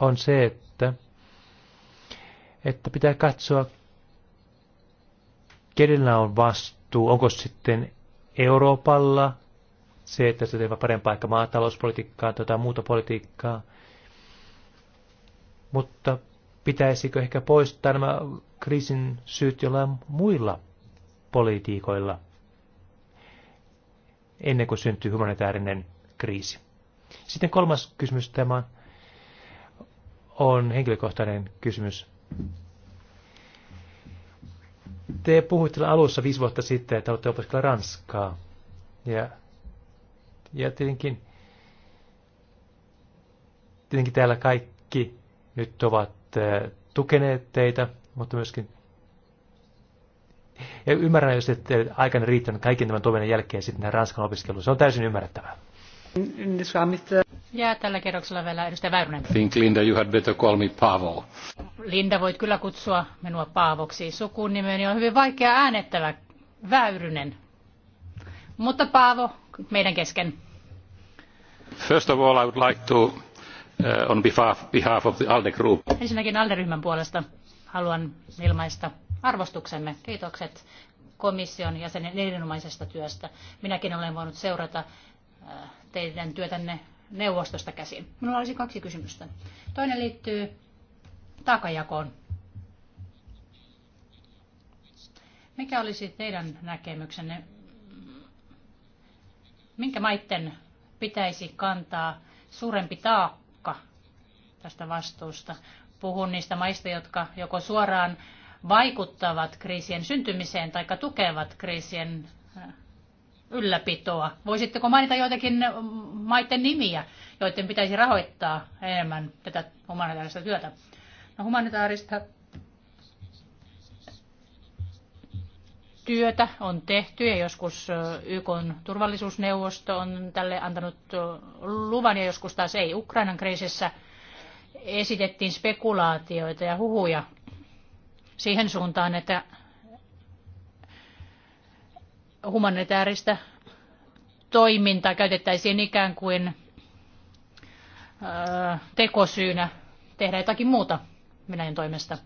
on se, että, että pitää katsoa kenellä on vastuu, onko sitten Euroopalla se, että se tehdään parempaa ehkä maatalouspolitiikkaa tai tuota muuta politiikkaa, mutta pitäisikö ehkä poistaa nämä kriisin syyt jollain muilla politiikoilla ennen kuin syntyy humanitaarinen kriisi. Sitten kolmas kysymys tämä on henkilökohtainen kysymys. Te puhuitte alussa viisi vuotta sitten, että olette opiskella ranskaa. Ja, ja tietenkin, tietenkin täällä kaikki nyt ovat äh, tukeneet teitä, mutta myöskin ja ymmärrän, jos ette aikana riittänyt kaiken tämän toiminnan jälkeen sitten ranskan opiskeluun. Se on täysin ymmärrettävää jää tällä kerroksella vielä edustaja Väyrynen. Think Linda, you had better call me Paavo. Linda, voit kyllä kutsua minua Paavoksi. nimeni on hyvin vaikea äänettävä. Väyrynen. Mutta Paavo, meidän kesken. First of all, I would like to, uh, on behalf, behalf of the ALDE group. Ensinnäkin ALDE-ryhmän puolesta haluan ilmaista arvostuksemme. Kiitokset komission jäsenen erinomaisesta työstä. Minäkin olen voinut seurata uh, teidän työtänne neuvostosta käsin. Minulla olisi kaksi kysymystä. Toinen liittyy taakajakoon. Mikä olisi teidän näkemyksenne? Minkä maitten pitäisi kantaa suurempi taakka tästä vastuusta? Puhun niistä maista, jotka joko suoraan vaikuttavat kriisien syntymiseen tai tukevat kriisien ylläpitoa. Voisitteko mainita joitakin mm, maiden nimiä, joiden pitäisi rahoittaa enemmän tätä humanitaarista työtä? No, humanitaarista työtä on tehty ja joskus YK turvallisuusneuvosto on tälle antanut luvan ja joskus taas ei. Ukrainan kriisissä esitettiin spekulaatioita ja huhuja siihen suuntaan, että humanitaarista toimintaa käytettäisiin ikään kuin tekosyynä tehdä jotakin muuta Venäjän toimesta.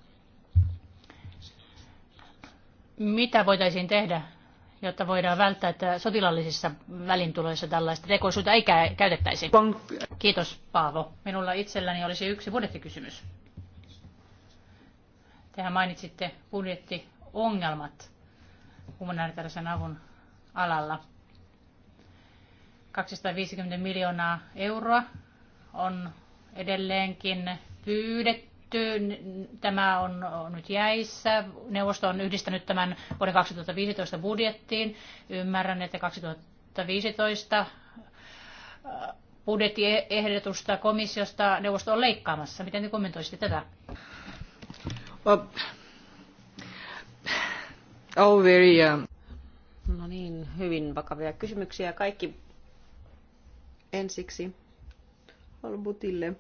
Mitä voitaisiin tehdä, jotta voidaan välttää, että sotilallisissa välintuloissa tällaista tekoisuutta ei käytettäisi? Kiitos Paavo. Minulla itselläni olisi yksi budjettikysymys. Tehän mainitsitte budjettiongelmat humanitaarisen avun alalla. 250 miljoonaa euroa on edelleenkin pyydetty. Tämä on nyt jäissä. Neuvosto on yhdistänyt tämän vuoden 2015 budjettiin. Ymmärrän, että 2015 äh, budjettiehdotusta komissiosta neuvosto on leikkaamassa. Miten te kommentoisitte tätä? Oh, very, um... No niin, hyvin vakavia kysymyksiä kaikki. Ensiksi Albutille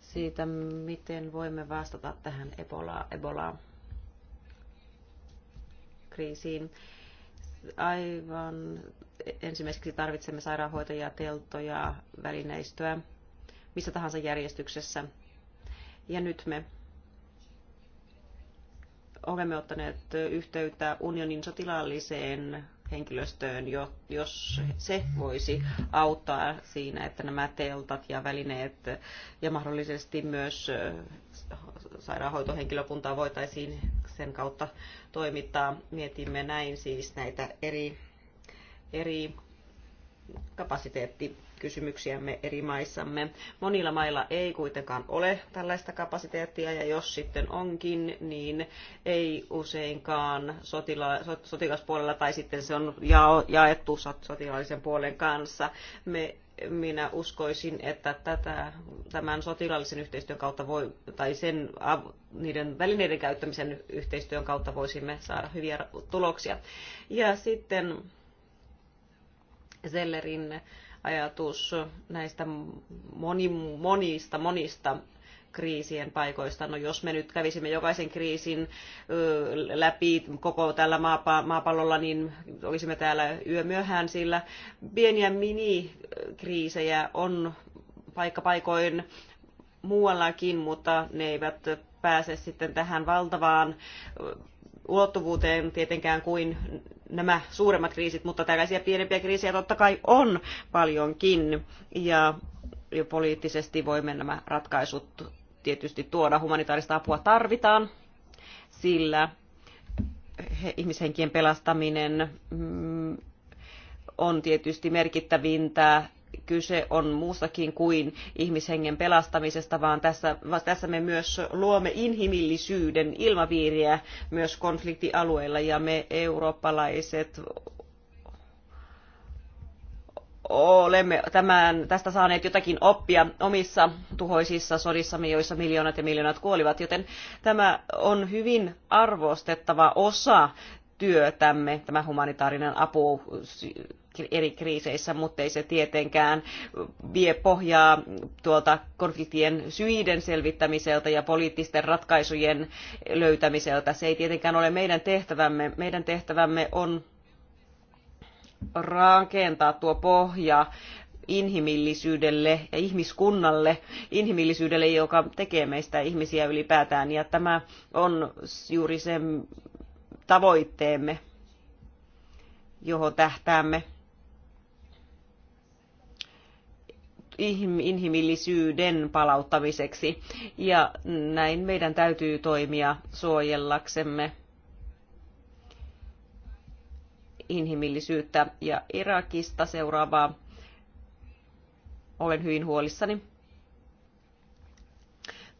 siitä, miten voimme vastata tähän Ebola, Ebola-kriisiin. Aivan ensimmäiseksi tarvitsemme sairaanhoitajia, teltoja, välineistöä missä tahansa järjestyksessä. Ja nyt me olemme ottaneet yhteyttä unionin sotilaalliseen henkilöstöön, jos se voisi auttaa siinä, että nämä teltat ja välineet ja mahdollisesti myös sairaanhoitohenkilökuntaa voitaisiin sen kautta toimittaa. Mietimme näin siis näitä eri, eri kapasiteettikysymyksiämme eri maissamme. Monilla mailla ei kuitenkaan ole tällaista kapasiteettia ja jos sitten onkin, niin ei useinkaan sotila- sotilaspuolella tai sitten se on jaettu sotilaallisen puolen kanssa. Me minä uskoisin, että tätä, tämän sotilaallisen yhteistyön kautta voi, tai sen, niiden välineiden käyttämisen yhteistyön kautta voisimme saada hyviä tuloksia. Ja sitten Zellerin ajatus näistä moni, monista, monista kriisien paikoista. No jos me nyt kävisimme jokaisen kriisin läpi koko tällä maapallolla, niin olisimme täällä yömyöhään, sillä pieniä minikriisejä on paikka paikoin muuallakin, mutta ne eivät pääse sitten tähän valtavaan ulottuvuuteen tietenkään kuin nämä suuremmat kriisit, mutta tällaisia pienempiä kriisejä totta kai on paljonkin. Ja jo poliittisesti voimme nämä ratkaisut tietysti tuoda. Humanitaarista apua tarvitaan, sillä ihmishenkien pelastaminen mm, on tietysti merkittävintä kyse on muustakin kuin ihmishengen pelastamisesta, vaan tässä, tässä me myös luomme inhimillisyyden ilmapiiriä myös konfliktialueilla ja me eurooppalaiset olemme tämän, tästä saaneet jotakin oppia omissa tuhoisissa sodissamme, joissa miljoonat ja miljoonat kuolivat, joten tämä on hyvin arvostettava osa työtämme, tämä humanitaarinen apu eri kriiseissä, mutta ei se tietenkään vie pohjaa tuolta konfliktien syiden selvittämiseltä ja poliittisten ratkaisujen löytämiseltä. Se ei tietenkään ole meidän tehtävämme. Meidän tehtävämme on rakentaa tuo pohja inhimillisyydelle ja ihmiskunnalle, inhimillisyydelle, joka tekee meistä ihmisiä ylipäätään. Ja tämä on juuri se tavoitteemme, johon tähtäämme. inhimillisyyden palauttamiseksi. Ja näin meidän täytyy toimia suojellaksemme inhimillisyyttä ja Irakista seuraavaa. Olen hyvin huolissani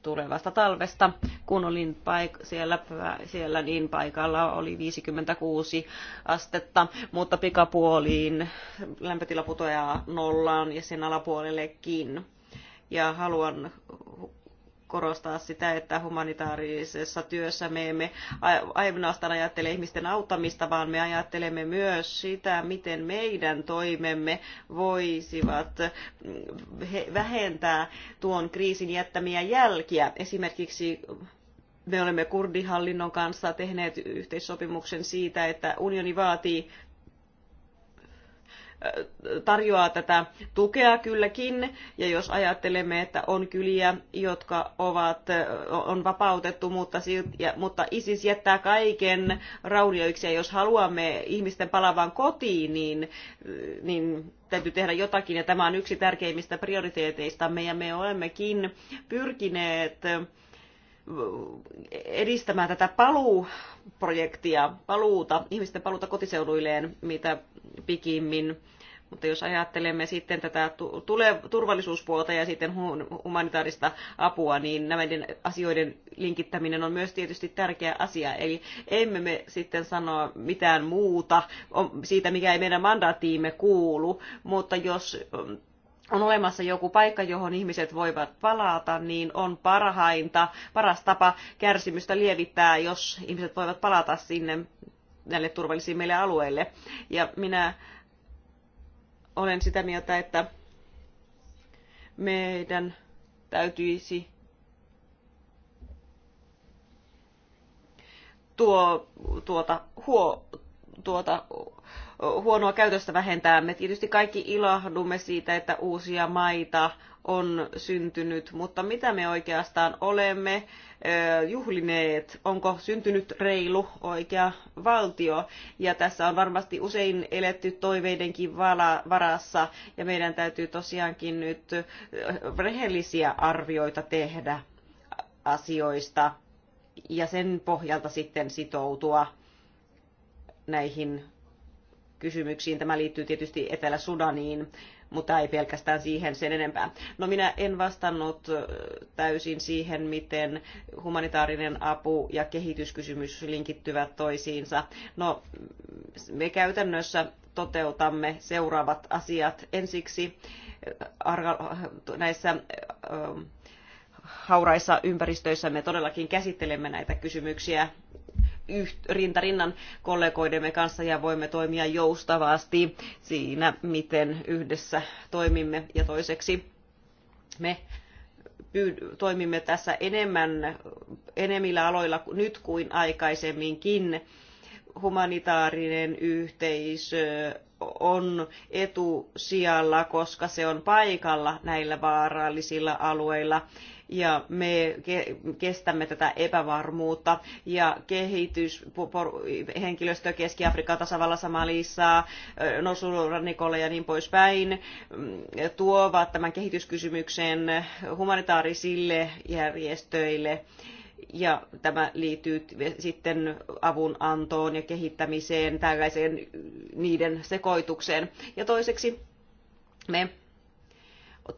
tulevasta talvesta. Kun olin paik- siellä, siellä, niin paikalla oli 56 astetta, mutta pikapuoliin lämpötila putoaa nollaan ja sen alapuolellekin. Ja haluan korostaa sitä, että humanitaarisessa työssä me emme ainoastaan ajattele ihmisten auttamista, vaan me ajattelemme myös sitä, miten meidän toimemme voisivat mm, vähentää tuon kriisin jättämiä jälkiä. Esimerkiksi me olemme kurdihallinnon kanssa tehneet yhteissopimuksen siitä, että unioni vaatii tarjoaa tätä tukea kylläkin. Ja jos ajattelemme, että on kyliä, jotka ovat, on vapautettu, mutta, mutta ISIS jättää kaiken raunioiksi. Ja jos haluamme ihmisten palavan kotiin, niin, niin täytyy tehdä jotakin. Ja tämä on yksi tärkeimmistä prioriteeteistamme. Ja me olemmekin pyrkineet edistämään tätä paluuprojektia, paluuta, ihmisten paluuta kotiseuduilleen, mitä pikimmin. Mutta jos ajattelemme sitten tätä turvallisuuspuolta ja sitten humanitaarista apua, niin näiden asioiden linkittäminen on myös tietysti tärkeä asia. Eli emme me sitten sano mitään muuta siitä, mikä ei meidän mandaattiimme kuulu, mutta jos on olemassa joku paikka, johon ihmiset voivat palata, niin on parhainta, paras tapa kärsimystä lievittää, jos ihmiset voivat palata sinne näille turvallisimmille alueille. Ja minä olen sitä mieltä, että meidän täytyisi tuo, tuota, huo, tuota, huonoa käytöstä vähentää. Me tietysti kaikki ilahdumme siitä, että uusia maita on syntynyt, mutta mitä me oikeastaan olemme juhlineet? Onko syntynyt reilu oikea valtio? Ja tässä on varmasti usein eletty toiveidenkin varassa, ja meidän täytyy tosiaankin nyt rehellisiä arvioita tehdä asioista ja sen pohjalta sitten sitoutua näihin kysymyksiin. Tämä liittyy tietysti Etelä-Sudaniin, mutta ei pelkästään siihen sen enempää. No minä en vastannut täysin siihen, miten humanitaarinen apu ja kehityskysymys linkittyvät toisiinsa. No me käytännössä toteutamme seuraavat asiat ensiksi näissä ähm, hauraissa ympäristöissä me todellakin käsittelemme näitä kysymyksiä rintarinnan kollegoidemme kanssa ja voimme toimia joustavasti siinä, miten yhdessä toimimme. Ja toiseksi me toimimme tässä enemmän, enemmillä aloilla nyt kuin aikaisemminkin. Humanitaarinen yhteisö on etusijalla, koska se on paikalla näillä vaarallisilla alueilla ja me kestämme tätä epävarmuutta ja kehitys, henkilöstö Keski-Afrikan tasavallassa Malissa, Nosurannikolla ja niin poispäin mm, tuovat tämän kehityskysymyksen humanitaarisille järjestöille ja tämä liittyy sitten avunantoon ja kehittämiseen, tällaiseen niiden sekoitukseen. Ja toiseksi me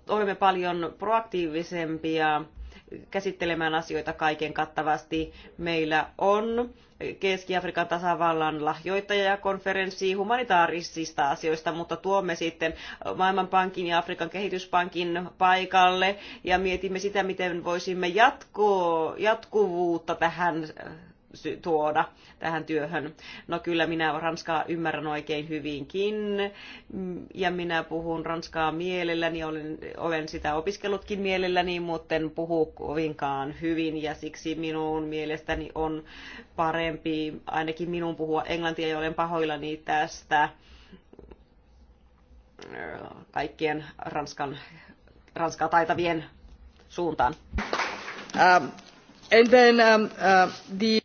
olemme paljon proaktiivisempia käsittelemään asioita kaiken kattavasti. Meillä on Keski-Afrikan tasavallan lahjoittajakonferenssi humanitaarisista asioista, mutta tuomme sitten Maailmanpankin ja Afrikan kehityspankin paikalle ja mietimme sitä, miten voisimme jatkuvuutta tähän tuoda tähän työhön. No kyllä minä ranskaa ymmärrän oikein hyvinkin mm, ja minä puhun ranskaa mielelläni, olen, olen sitä opiskellutkin mielelläni, mutta en puhu kovinkaan hyvin ja siksi minun mielestäni on parempi ainakin minun puhua englantia ja olen pahoillani tästä äh, kaikkien ranskan, ranskaa taitavien suuntaan. Um, and then um, uh, the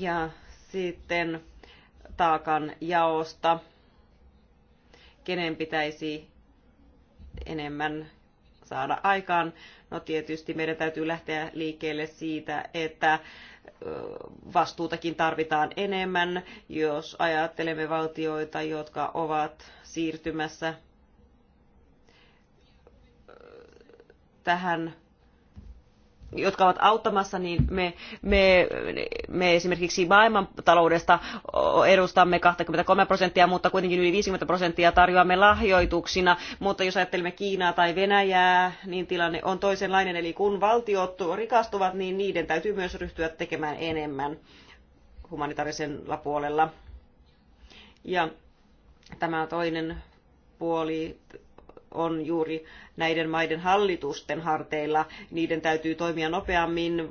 ja sitten taakan jaosta, kenen pitäisi enemmän saada aikaan. No tietysti meidän täytyy lähteä liikkeelle siitä, että vastuutakin tarvitaan enemmän, jos ajattelemme valtioita, jotka ovat siirtymässä tähän jotka ovat auttamassa, niin me, me, me esimerkiksi maailmantaloudesta edustamme 23 prosenttia, mutta kuitenkin yli 50 prosenttia tarjoamme lahjoituksina. Mutta jos ajattelemme Kiinaa tai Venäjää, niin tilanne on toisenlainen. Eli kun valtiot rikastuvat, niin niiden täytyy myös ryhtyä tekemään enemmän humanitaarisella puolella. Ja tämä toinen puoli on juuri näiden maiden hallitusten harteilla. Niiden täytyy toimia nopeammin,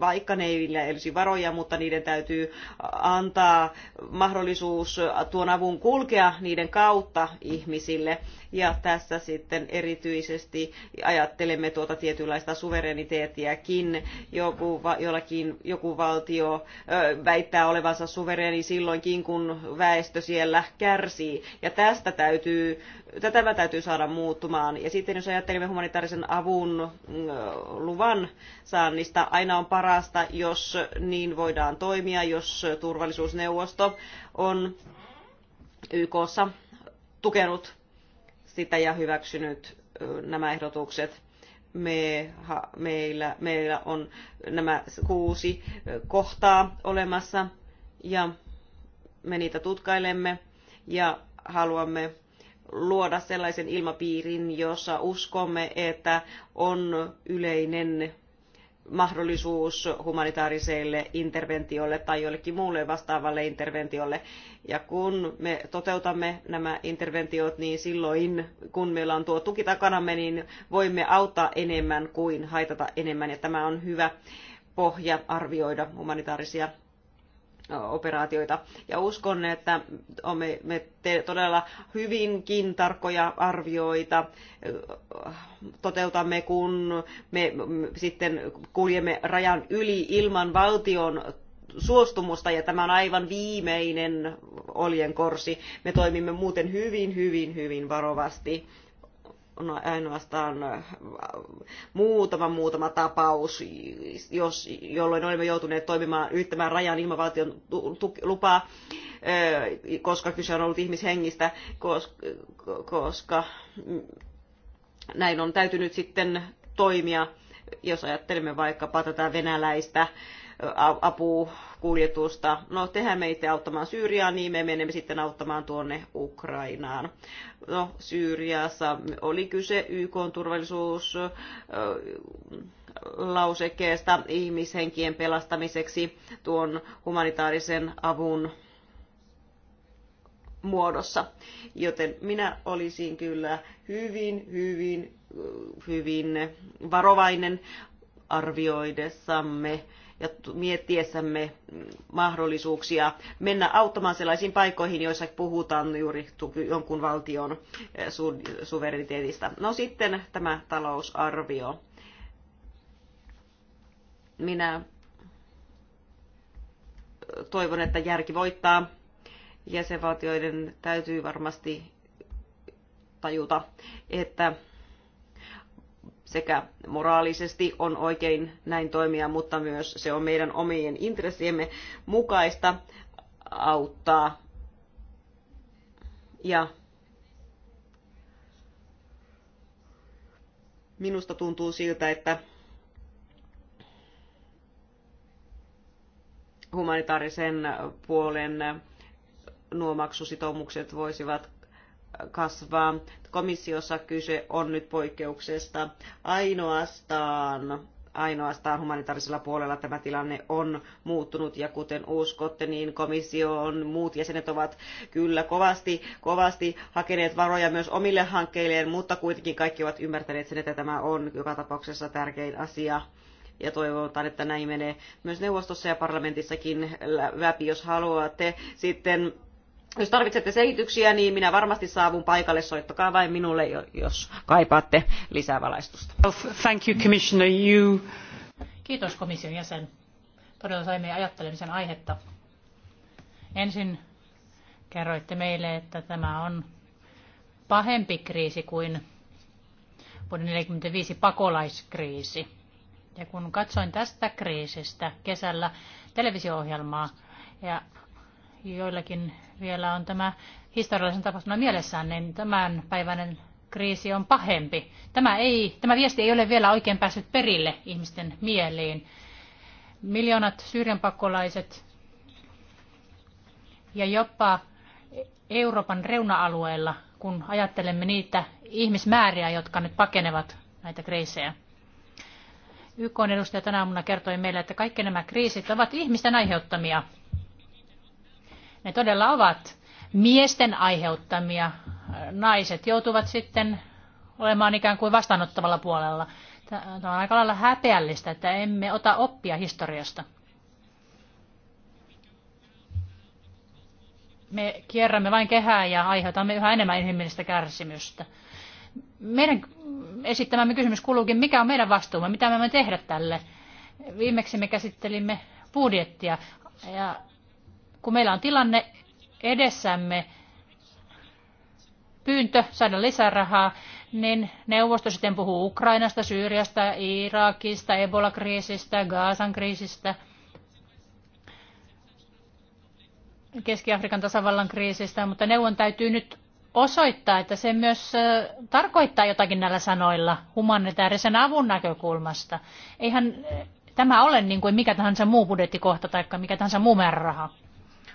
vaikka ne ei olisi varoja, mutta niiden täytyy antaa mahdollisuus tuon avun kulkea niiden kautta ihmisille. Ja tässä sitten erityisesti ajattelemme tuota tietynlaista suvereniteettiäkin. Joku, jollakin, joku valtio väittää olevansa suvereeni silloinkin, kun väestö siellä kärsii. Ja tästä täytyy, tätä täytyy saada muuttumaan. Ja sitten sitten jos ajattelemme humanitaarisen avun mm, luvan saannista, aina on parasta, jos niin voidaan toimia, jos turvallisuusneuvosto on YKssa tukenut sitä ja hyväksynyt nämä ehdotukset. Me, ha, meillä, meillä on nämä kuusi kohtaa olemassa ja me niitä tutkailemme ja haluamme luoda sellaisen ilmapiirin, jossa uskomme, että on yleinen mahdollisuus humanitaariselle interventiolle tai jollekin muulle vastaavalle interventiolle. Ja kun me toteutamme nämä interventiot, niin silloin kun meillä on tuo tuki takanamme, niin voimme auttaa enemmän kuin haitata enemmän. Ja tämä on hyvä pohja arvioida humanitaarisia operaatioita. Ja uskon, että me, teemme todella hyvinkin tarkkoja arvioita toteutamme, kun me sitten kuljemme rajan yli ilman valtion suostumusta ja tämä on aivan viimeinen oljenkorsi. Me toimimme muuten hyvin, hyvin, hyvin varovasti on ainoastaan äh, muutama muutama tapaus, jos, jolloin olemme joutuneet toimimaan ylittämään rajan ilman valtion lupaa, äh, koska kyse on ollut ihmishengistä, koska näin on täytynyt sitten toimia, jos ajattelemme vaikkapa tätä venäläistä äh, apua kuljetusta. No, tehdään meitä auttamaan Syyriaan, niin me menemme sitten auttamaan tuonne Ukrainaan. No, Syyriassa oli kyse YK turvallisuus lausekkeesta ihmishenkien pelastamiseksi tuon humanitaarisen avun muodossa. Joten minä olisin kyllä hyvin, hyvin, hyvin varovainen arvioidessamme ja miettiessämme mahdollisuuksia mennä auttamaan sellaisiin paikkoihin, joissa puhutaan juuri jonkun valtion eh, su- suvereniteetista. No sitten tämä talousarvio. Minä eh, toivon, että järki voittaa. Jäsenvaltioiden täytyy varmasti tajuta, että sekä moraalisesti on oikein näin toimia, mutta myös se on meidän omien intressiemme mukaista auttaa. Ja minusta tuntuu siltä, että humanitaarisen puolen nuo maksusitoumukset voisivat kasvaa. Komissiossa kyse on nyt poikkeuksesta ainoastaan ainoastaan humanitaarisella puolella tämä tilanne on muuttunut ja kuten uskotte, niin komissio on muut jäsenet ovat kyllä kovasti, kovasti hakeneet varoja myös omille hankkeilleen, mutta kuitenkin kaikki ovat ymmärtäneet sen, että tämä on joka tapauksessa tärkein asia ja toivotaan, että näin menee myös neuvostossa ja parlamentissakin läpi, jos haluatte sitten jos tarvitsette selityksiä, niin minä varmasti saavun paikalle. Soittakaa vain minulle, jos kaipaatte lisää valaistusta. Thank you, Commissioner. You... Kiitos komission jäsen. Todella saimme ajattelemisen aihetta. Ensin kerroitte meille, että tämä on pahempi kriisi kuin vuoden 1945 pakolaiskriisi. Ja kun katsoin tästä kriisistä kesällä televisio-ohjelmaa ja joillakin vielä on tämä historiallisen tapahtuman mielessään, niin tämän kriisi on pahempi. Tämä, ei, tämä viesti ei ole vielä oikein päässyt perille ihmisten mieliin. Miljoonat syyrian pakolaiset ja jopa Euroopan reuna alueella kun ajattelemme niitä ihmismääriä, jotka nyt pakenevat näitä kriisejä. YK edustaja tänä aamuna kertoi meille, että kaikki nämä kriisit ovat ihmisten aiheuttamia. Ne todella ovat miesten aiheuttamia. Naiset joutuvat sitten olemaan ikään kuin vastaanottavalla puolella. Tämä on aika lailla häpeällistä, että emme ota oppia historiasta. Me kierrämme vain kehää ja aiheutamme yhä enemmän inhimillistä kärsimystä. Meidän esittämämme kysymys kuuluukin, mikä on meidän vastuumme, mitä me tehdä tälle. Viimeksi me käsittelimme budjettia ja kun meillä on tilanne edessämme, pyyntö saada lisärahaa, niin neuvosto sitten puhuu Ukrainasta, Syyriasta, Irakista, Ebola-kriisistä, Gaasan kriisistä, Keski-Afrikan tasavallan kriisistä, mutta neuvon täytyy nyt osoittaa, että se myös tarkoittaa jotakin näillä sanoilla humanitaarisen avun näkökulmasta. Eihän tämä ole niin kuin mikä tahansa muu budjettikohta tai mikä tahansa muu määräraha.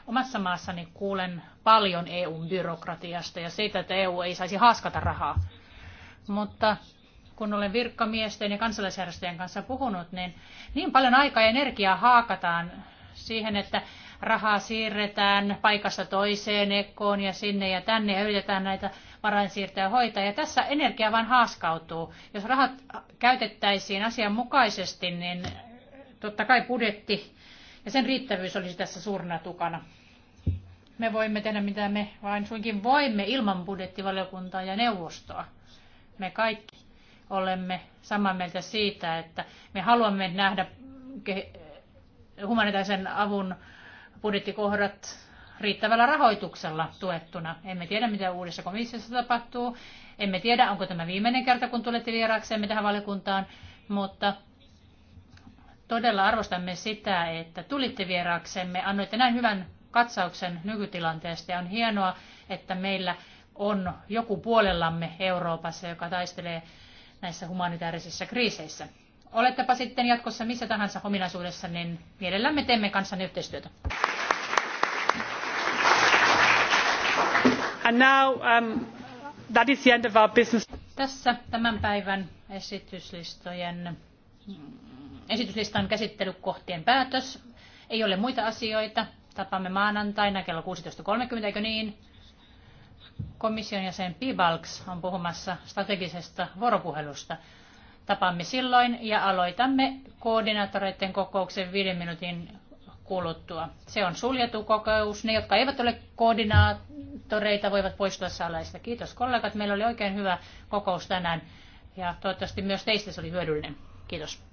Omassa maassani kuulen paljon EUn byrokratiasta ja siitä, että EU ei saisi haaskata rahaa. Mutta kun olen virkamiesten ja kansalaisjärjestöjen kanssa puhunut, niin niin paljon aikaa ja energiaa haakataan siihen, että rahaa siirretään paikasta toiseen ekoon ja sinne ja tänne ja yritetään näitä varainsiirtoja hoitaa. Ja tässä energia vain haaskautuu. Jos rahat käytettäisiin asianmukaisesti, niin totta kai budjetti ja sen riittävyys olisi tässä suurena tukana. Me voimme tehdä mitä me vain suinkin voimme ilman budjettivaliokuntaa ja neuvostoa. Me kaikki olemme samaa mieltä siitä, että me haluamme nähdä humanitaarisen avun budjettikohdat riittävällä rahoituksella tuettuna. Emme tiedä, mitä uudessa komissiossa tapahtuu. Emme tiedä, onko tämä viimeinen kerta, kun tulette vieraaksemme tähän valiokuntaan, mutta todella arvostamme sitä, että tulitte vieraaksemme, annoitte näin hyvän katsauksen nykytilanteesta. Ja on hienoa, että meillä on joku puolellamme Euroopassa, joka taistelee näissä humanitaarisissa kriiseissä. Olettepa sitten jatkossa missä tahansa ominaisuudessa, niin mielellämme teemme kanssanne yhteistyötä. And now, um, that is the end of our business. Tässä tämän päivän esityslistojen, mm, esityslistan käsittelykohtien päätös. Ei ole muita asioita. Tapaamme maanantaina kello 16.30, eikö niin? Komission jäsen Pibalks on puhumassa strategisesta vuoropuhelusta. Tapaamme silloin ja aloitamme koordinaattoreiden kokouksen viiden minuutin kuluttua. Se on suljettu kokous. Ne, jotka eivät ole koordinaattoreita, voivat poistua salaista. Kiitos kollegat. Meillä oli oikein hyvä kokous tänään ja toivottavasti myös teistä se oli hyödyllinen. Kiitos.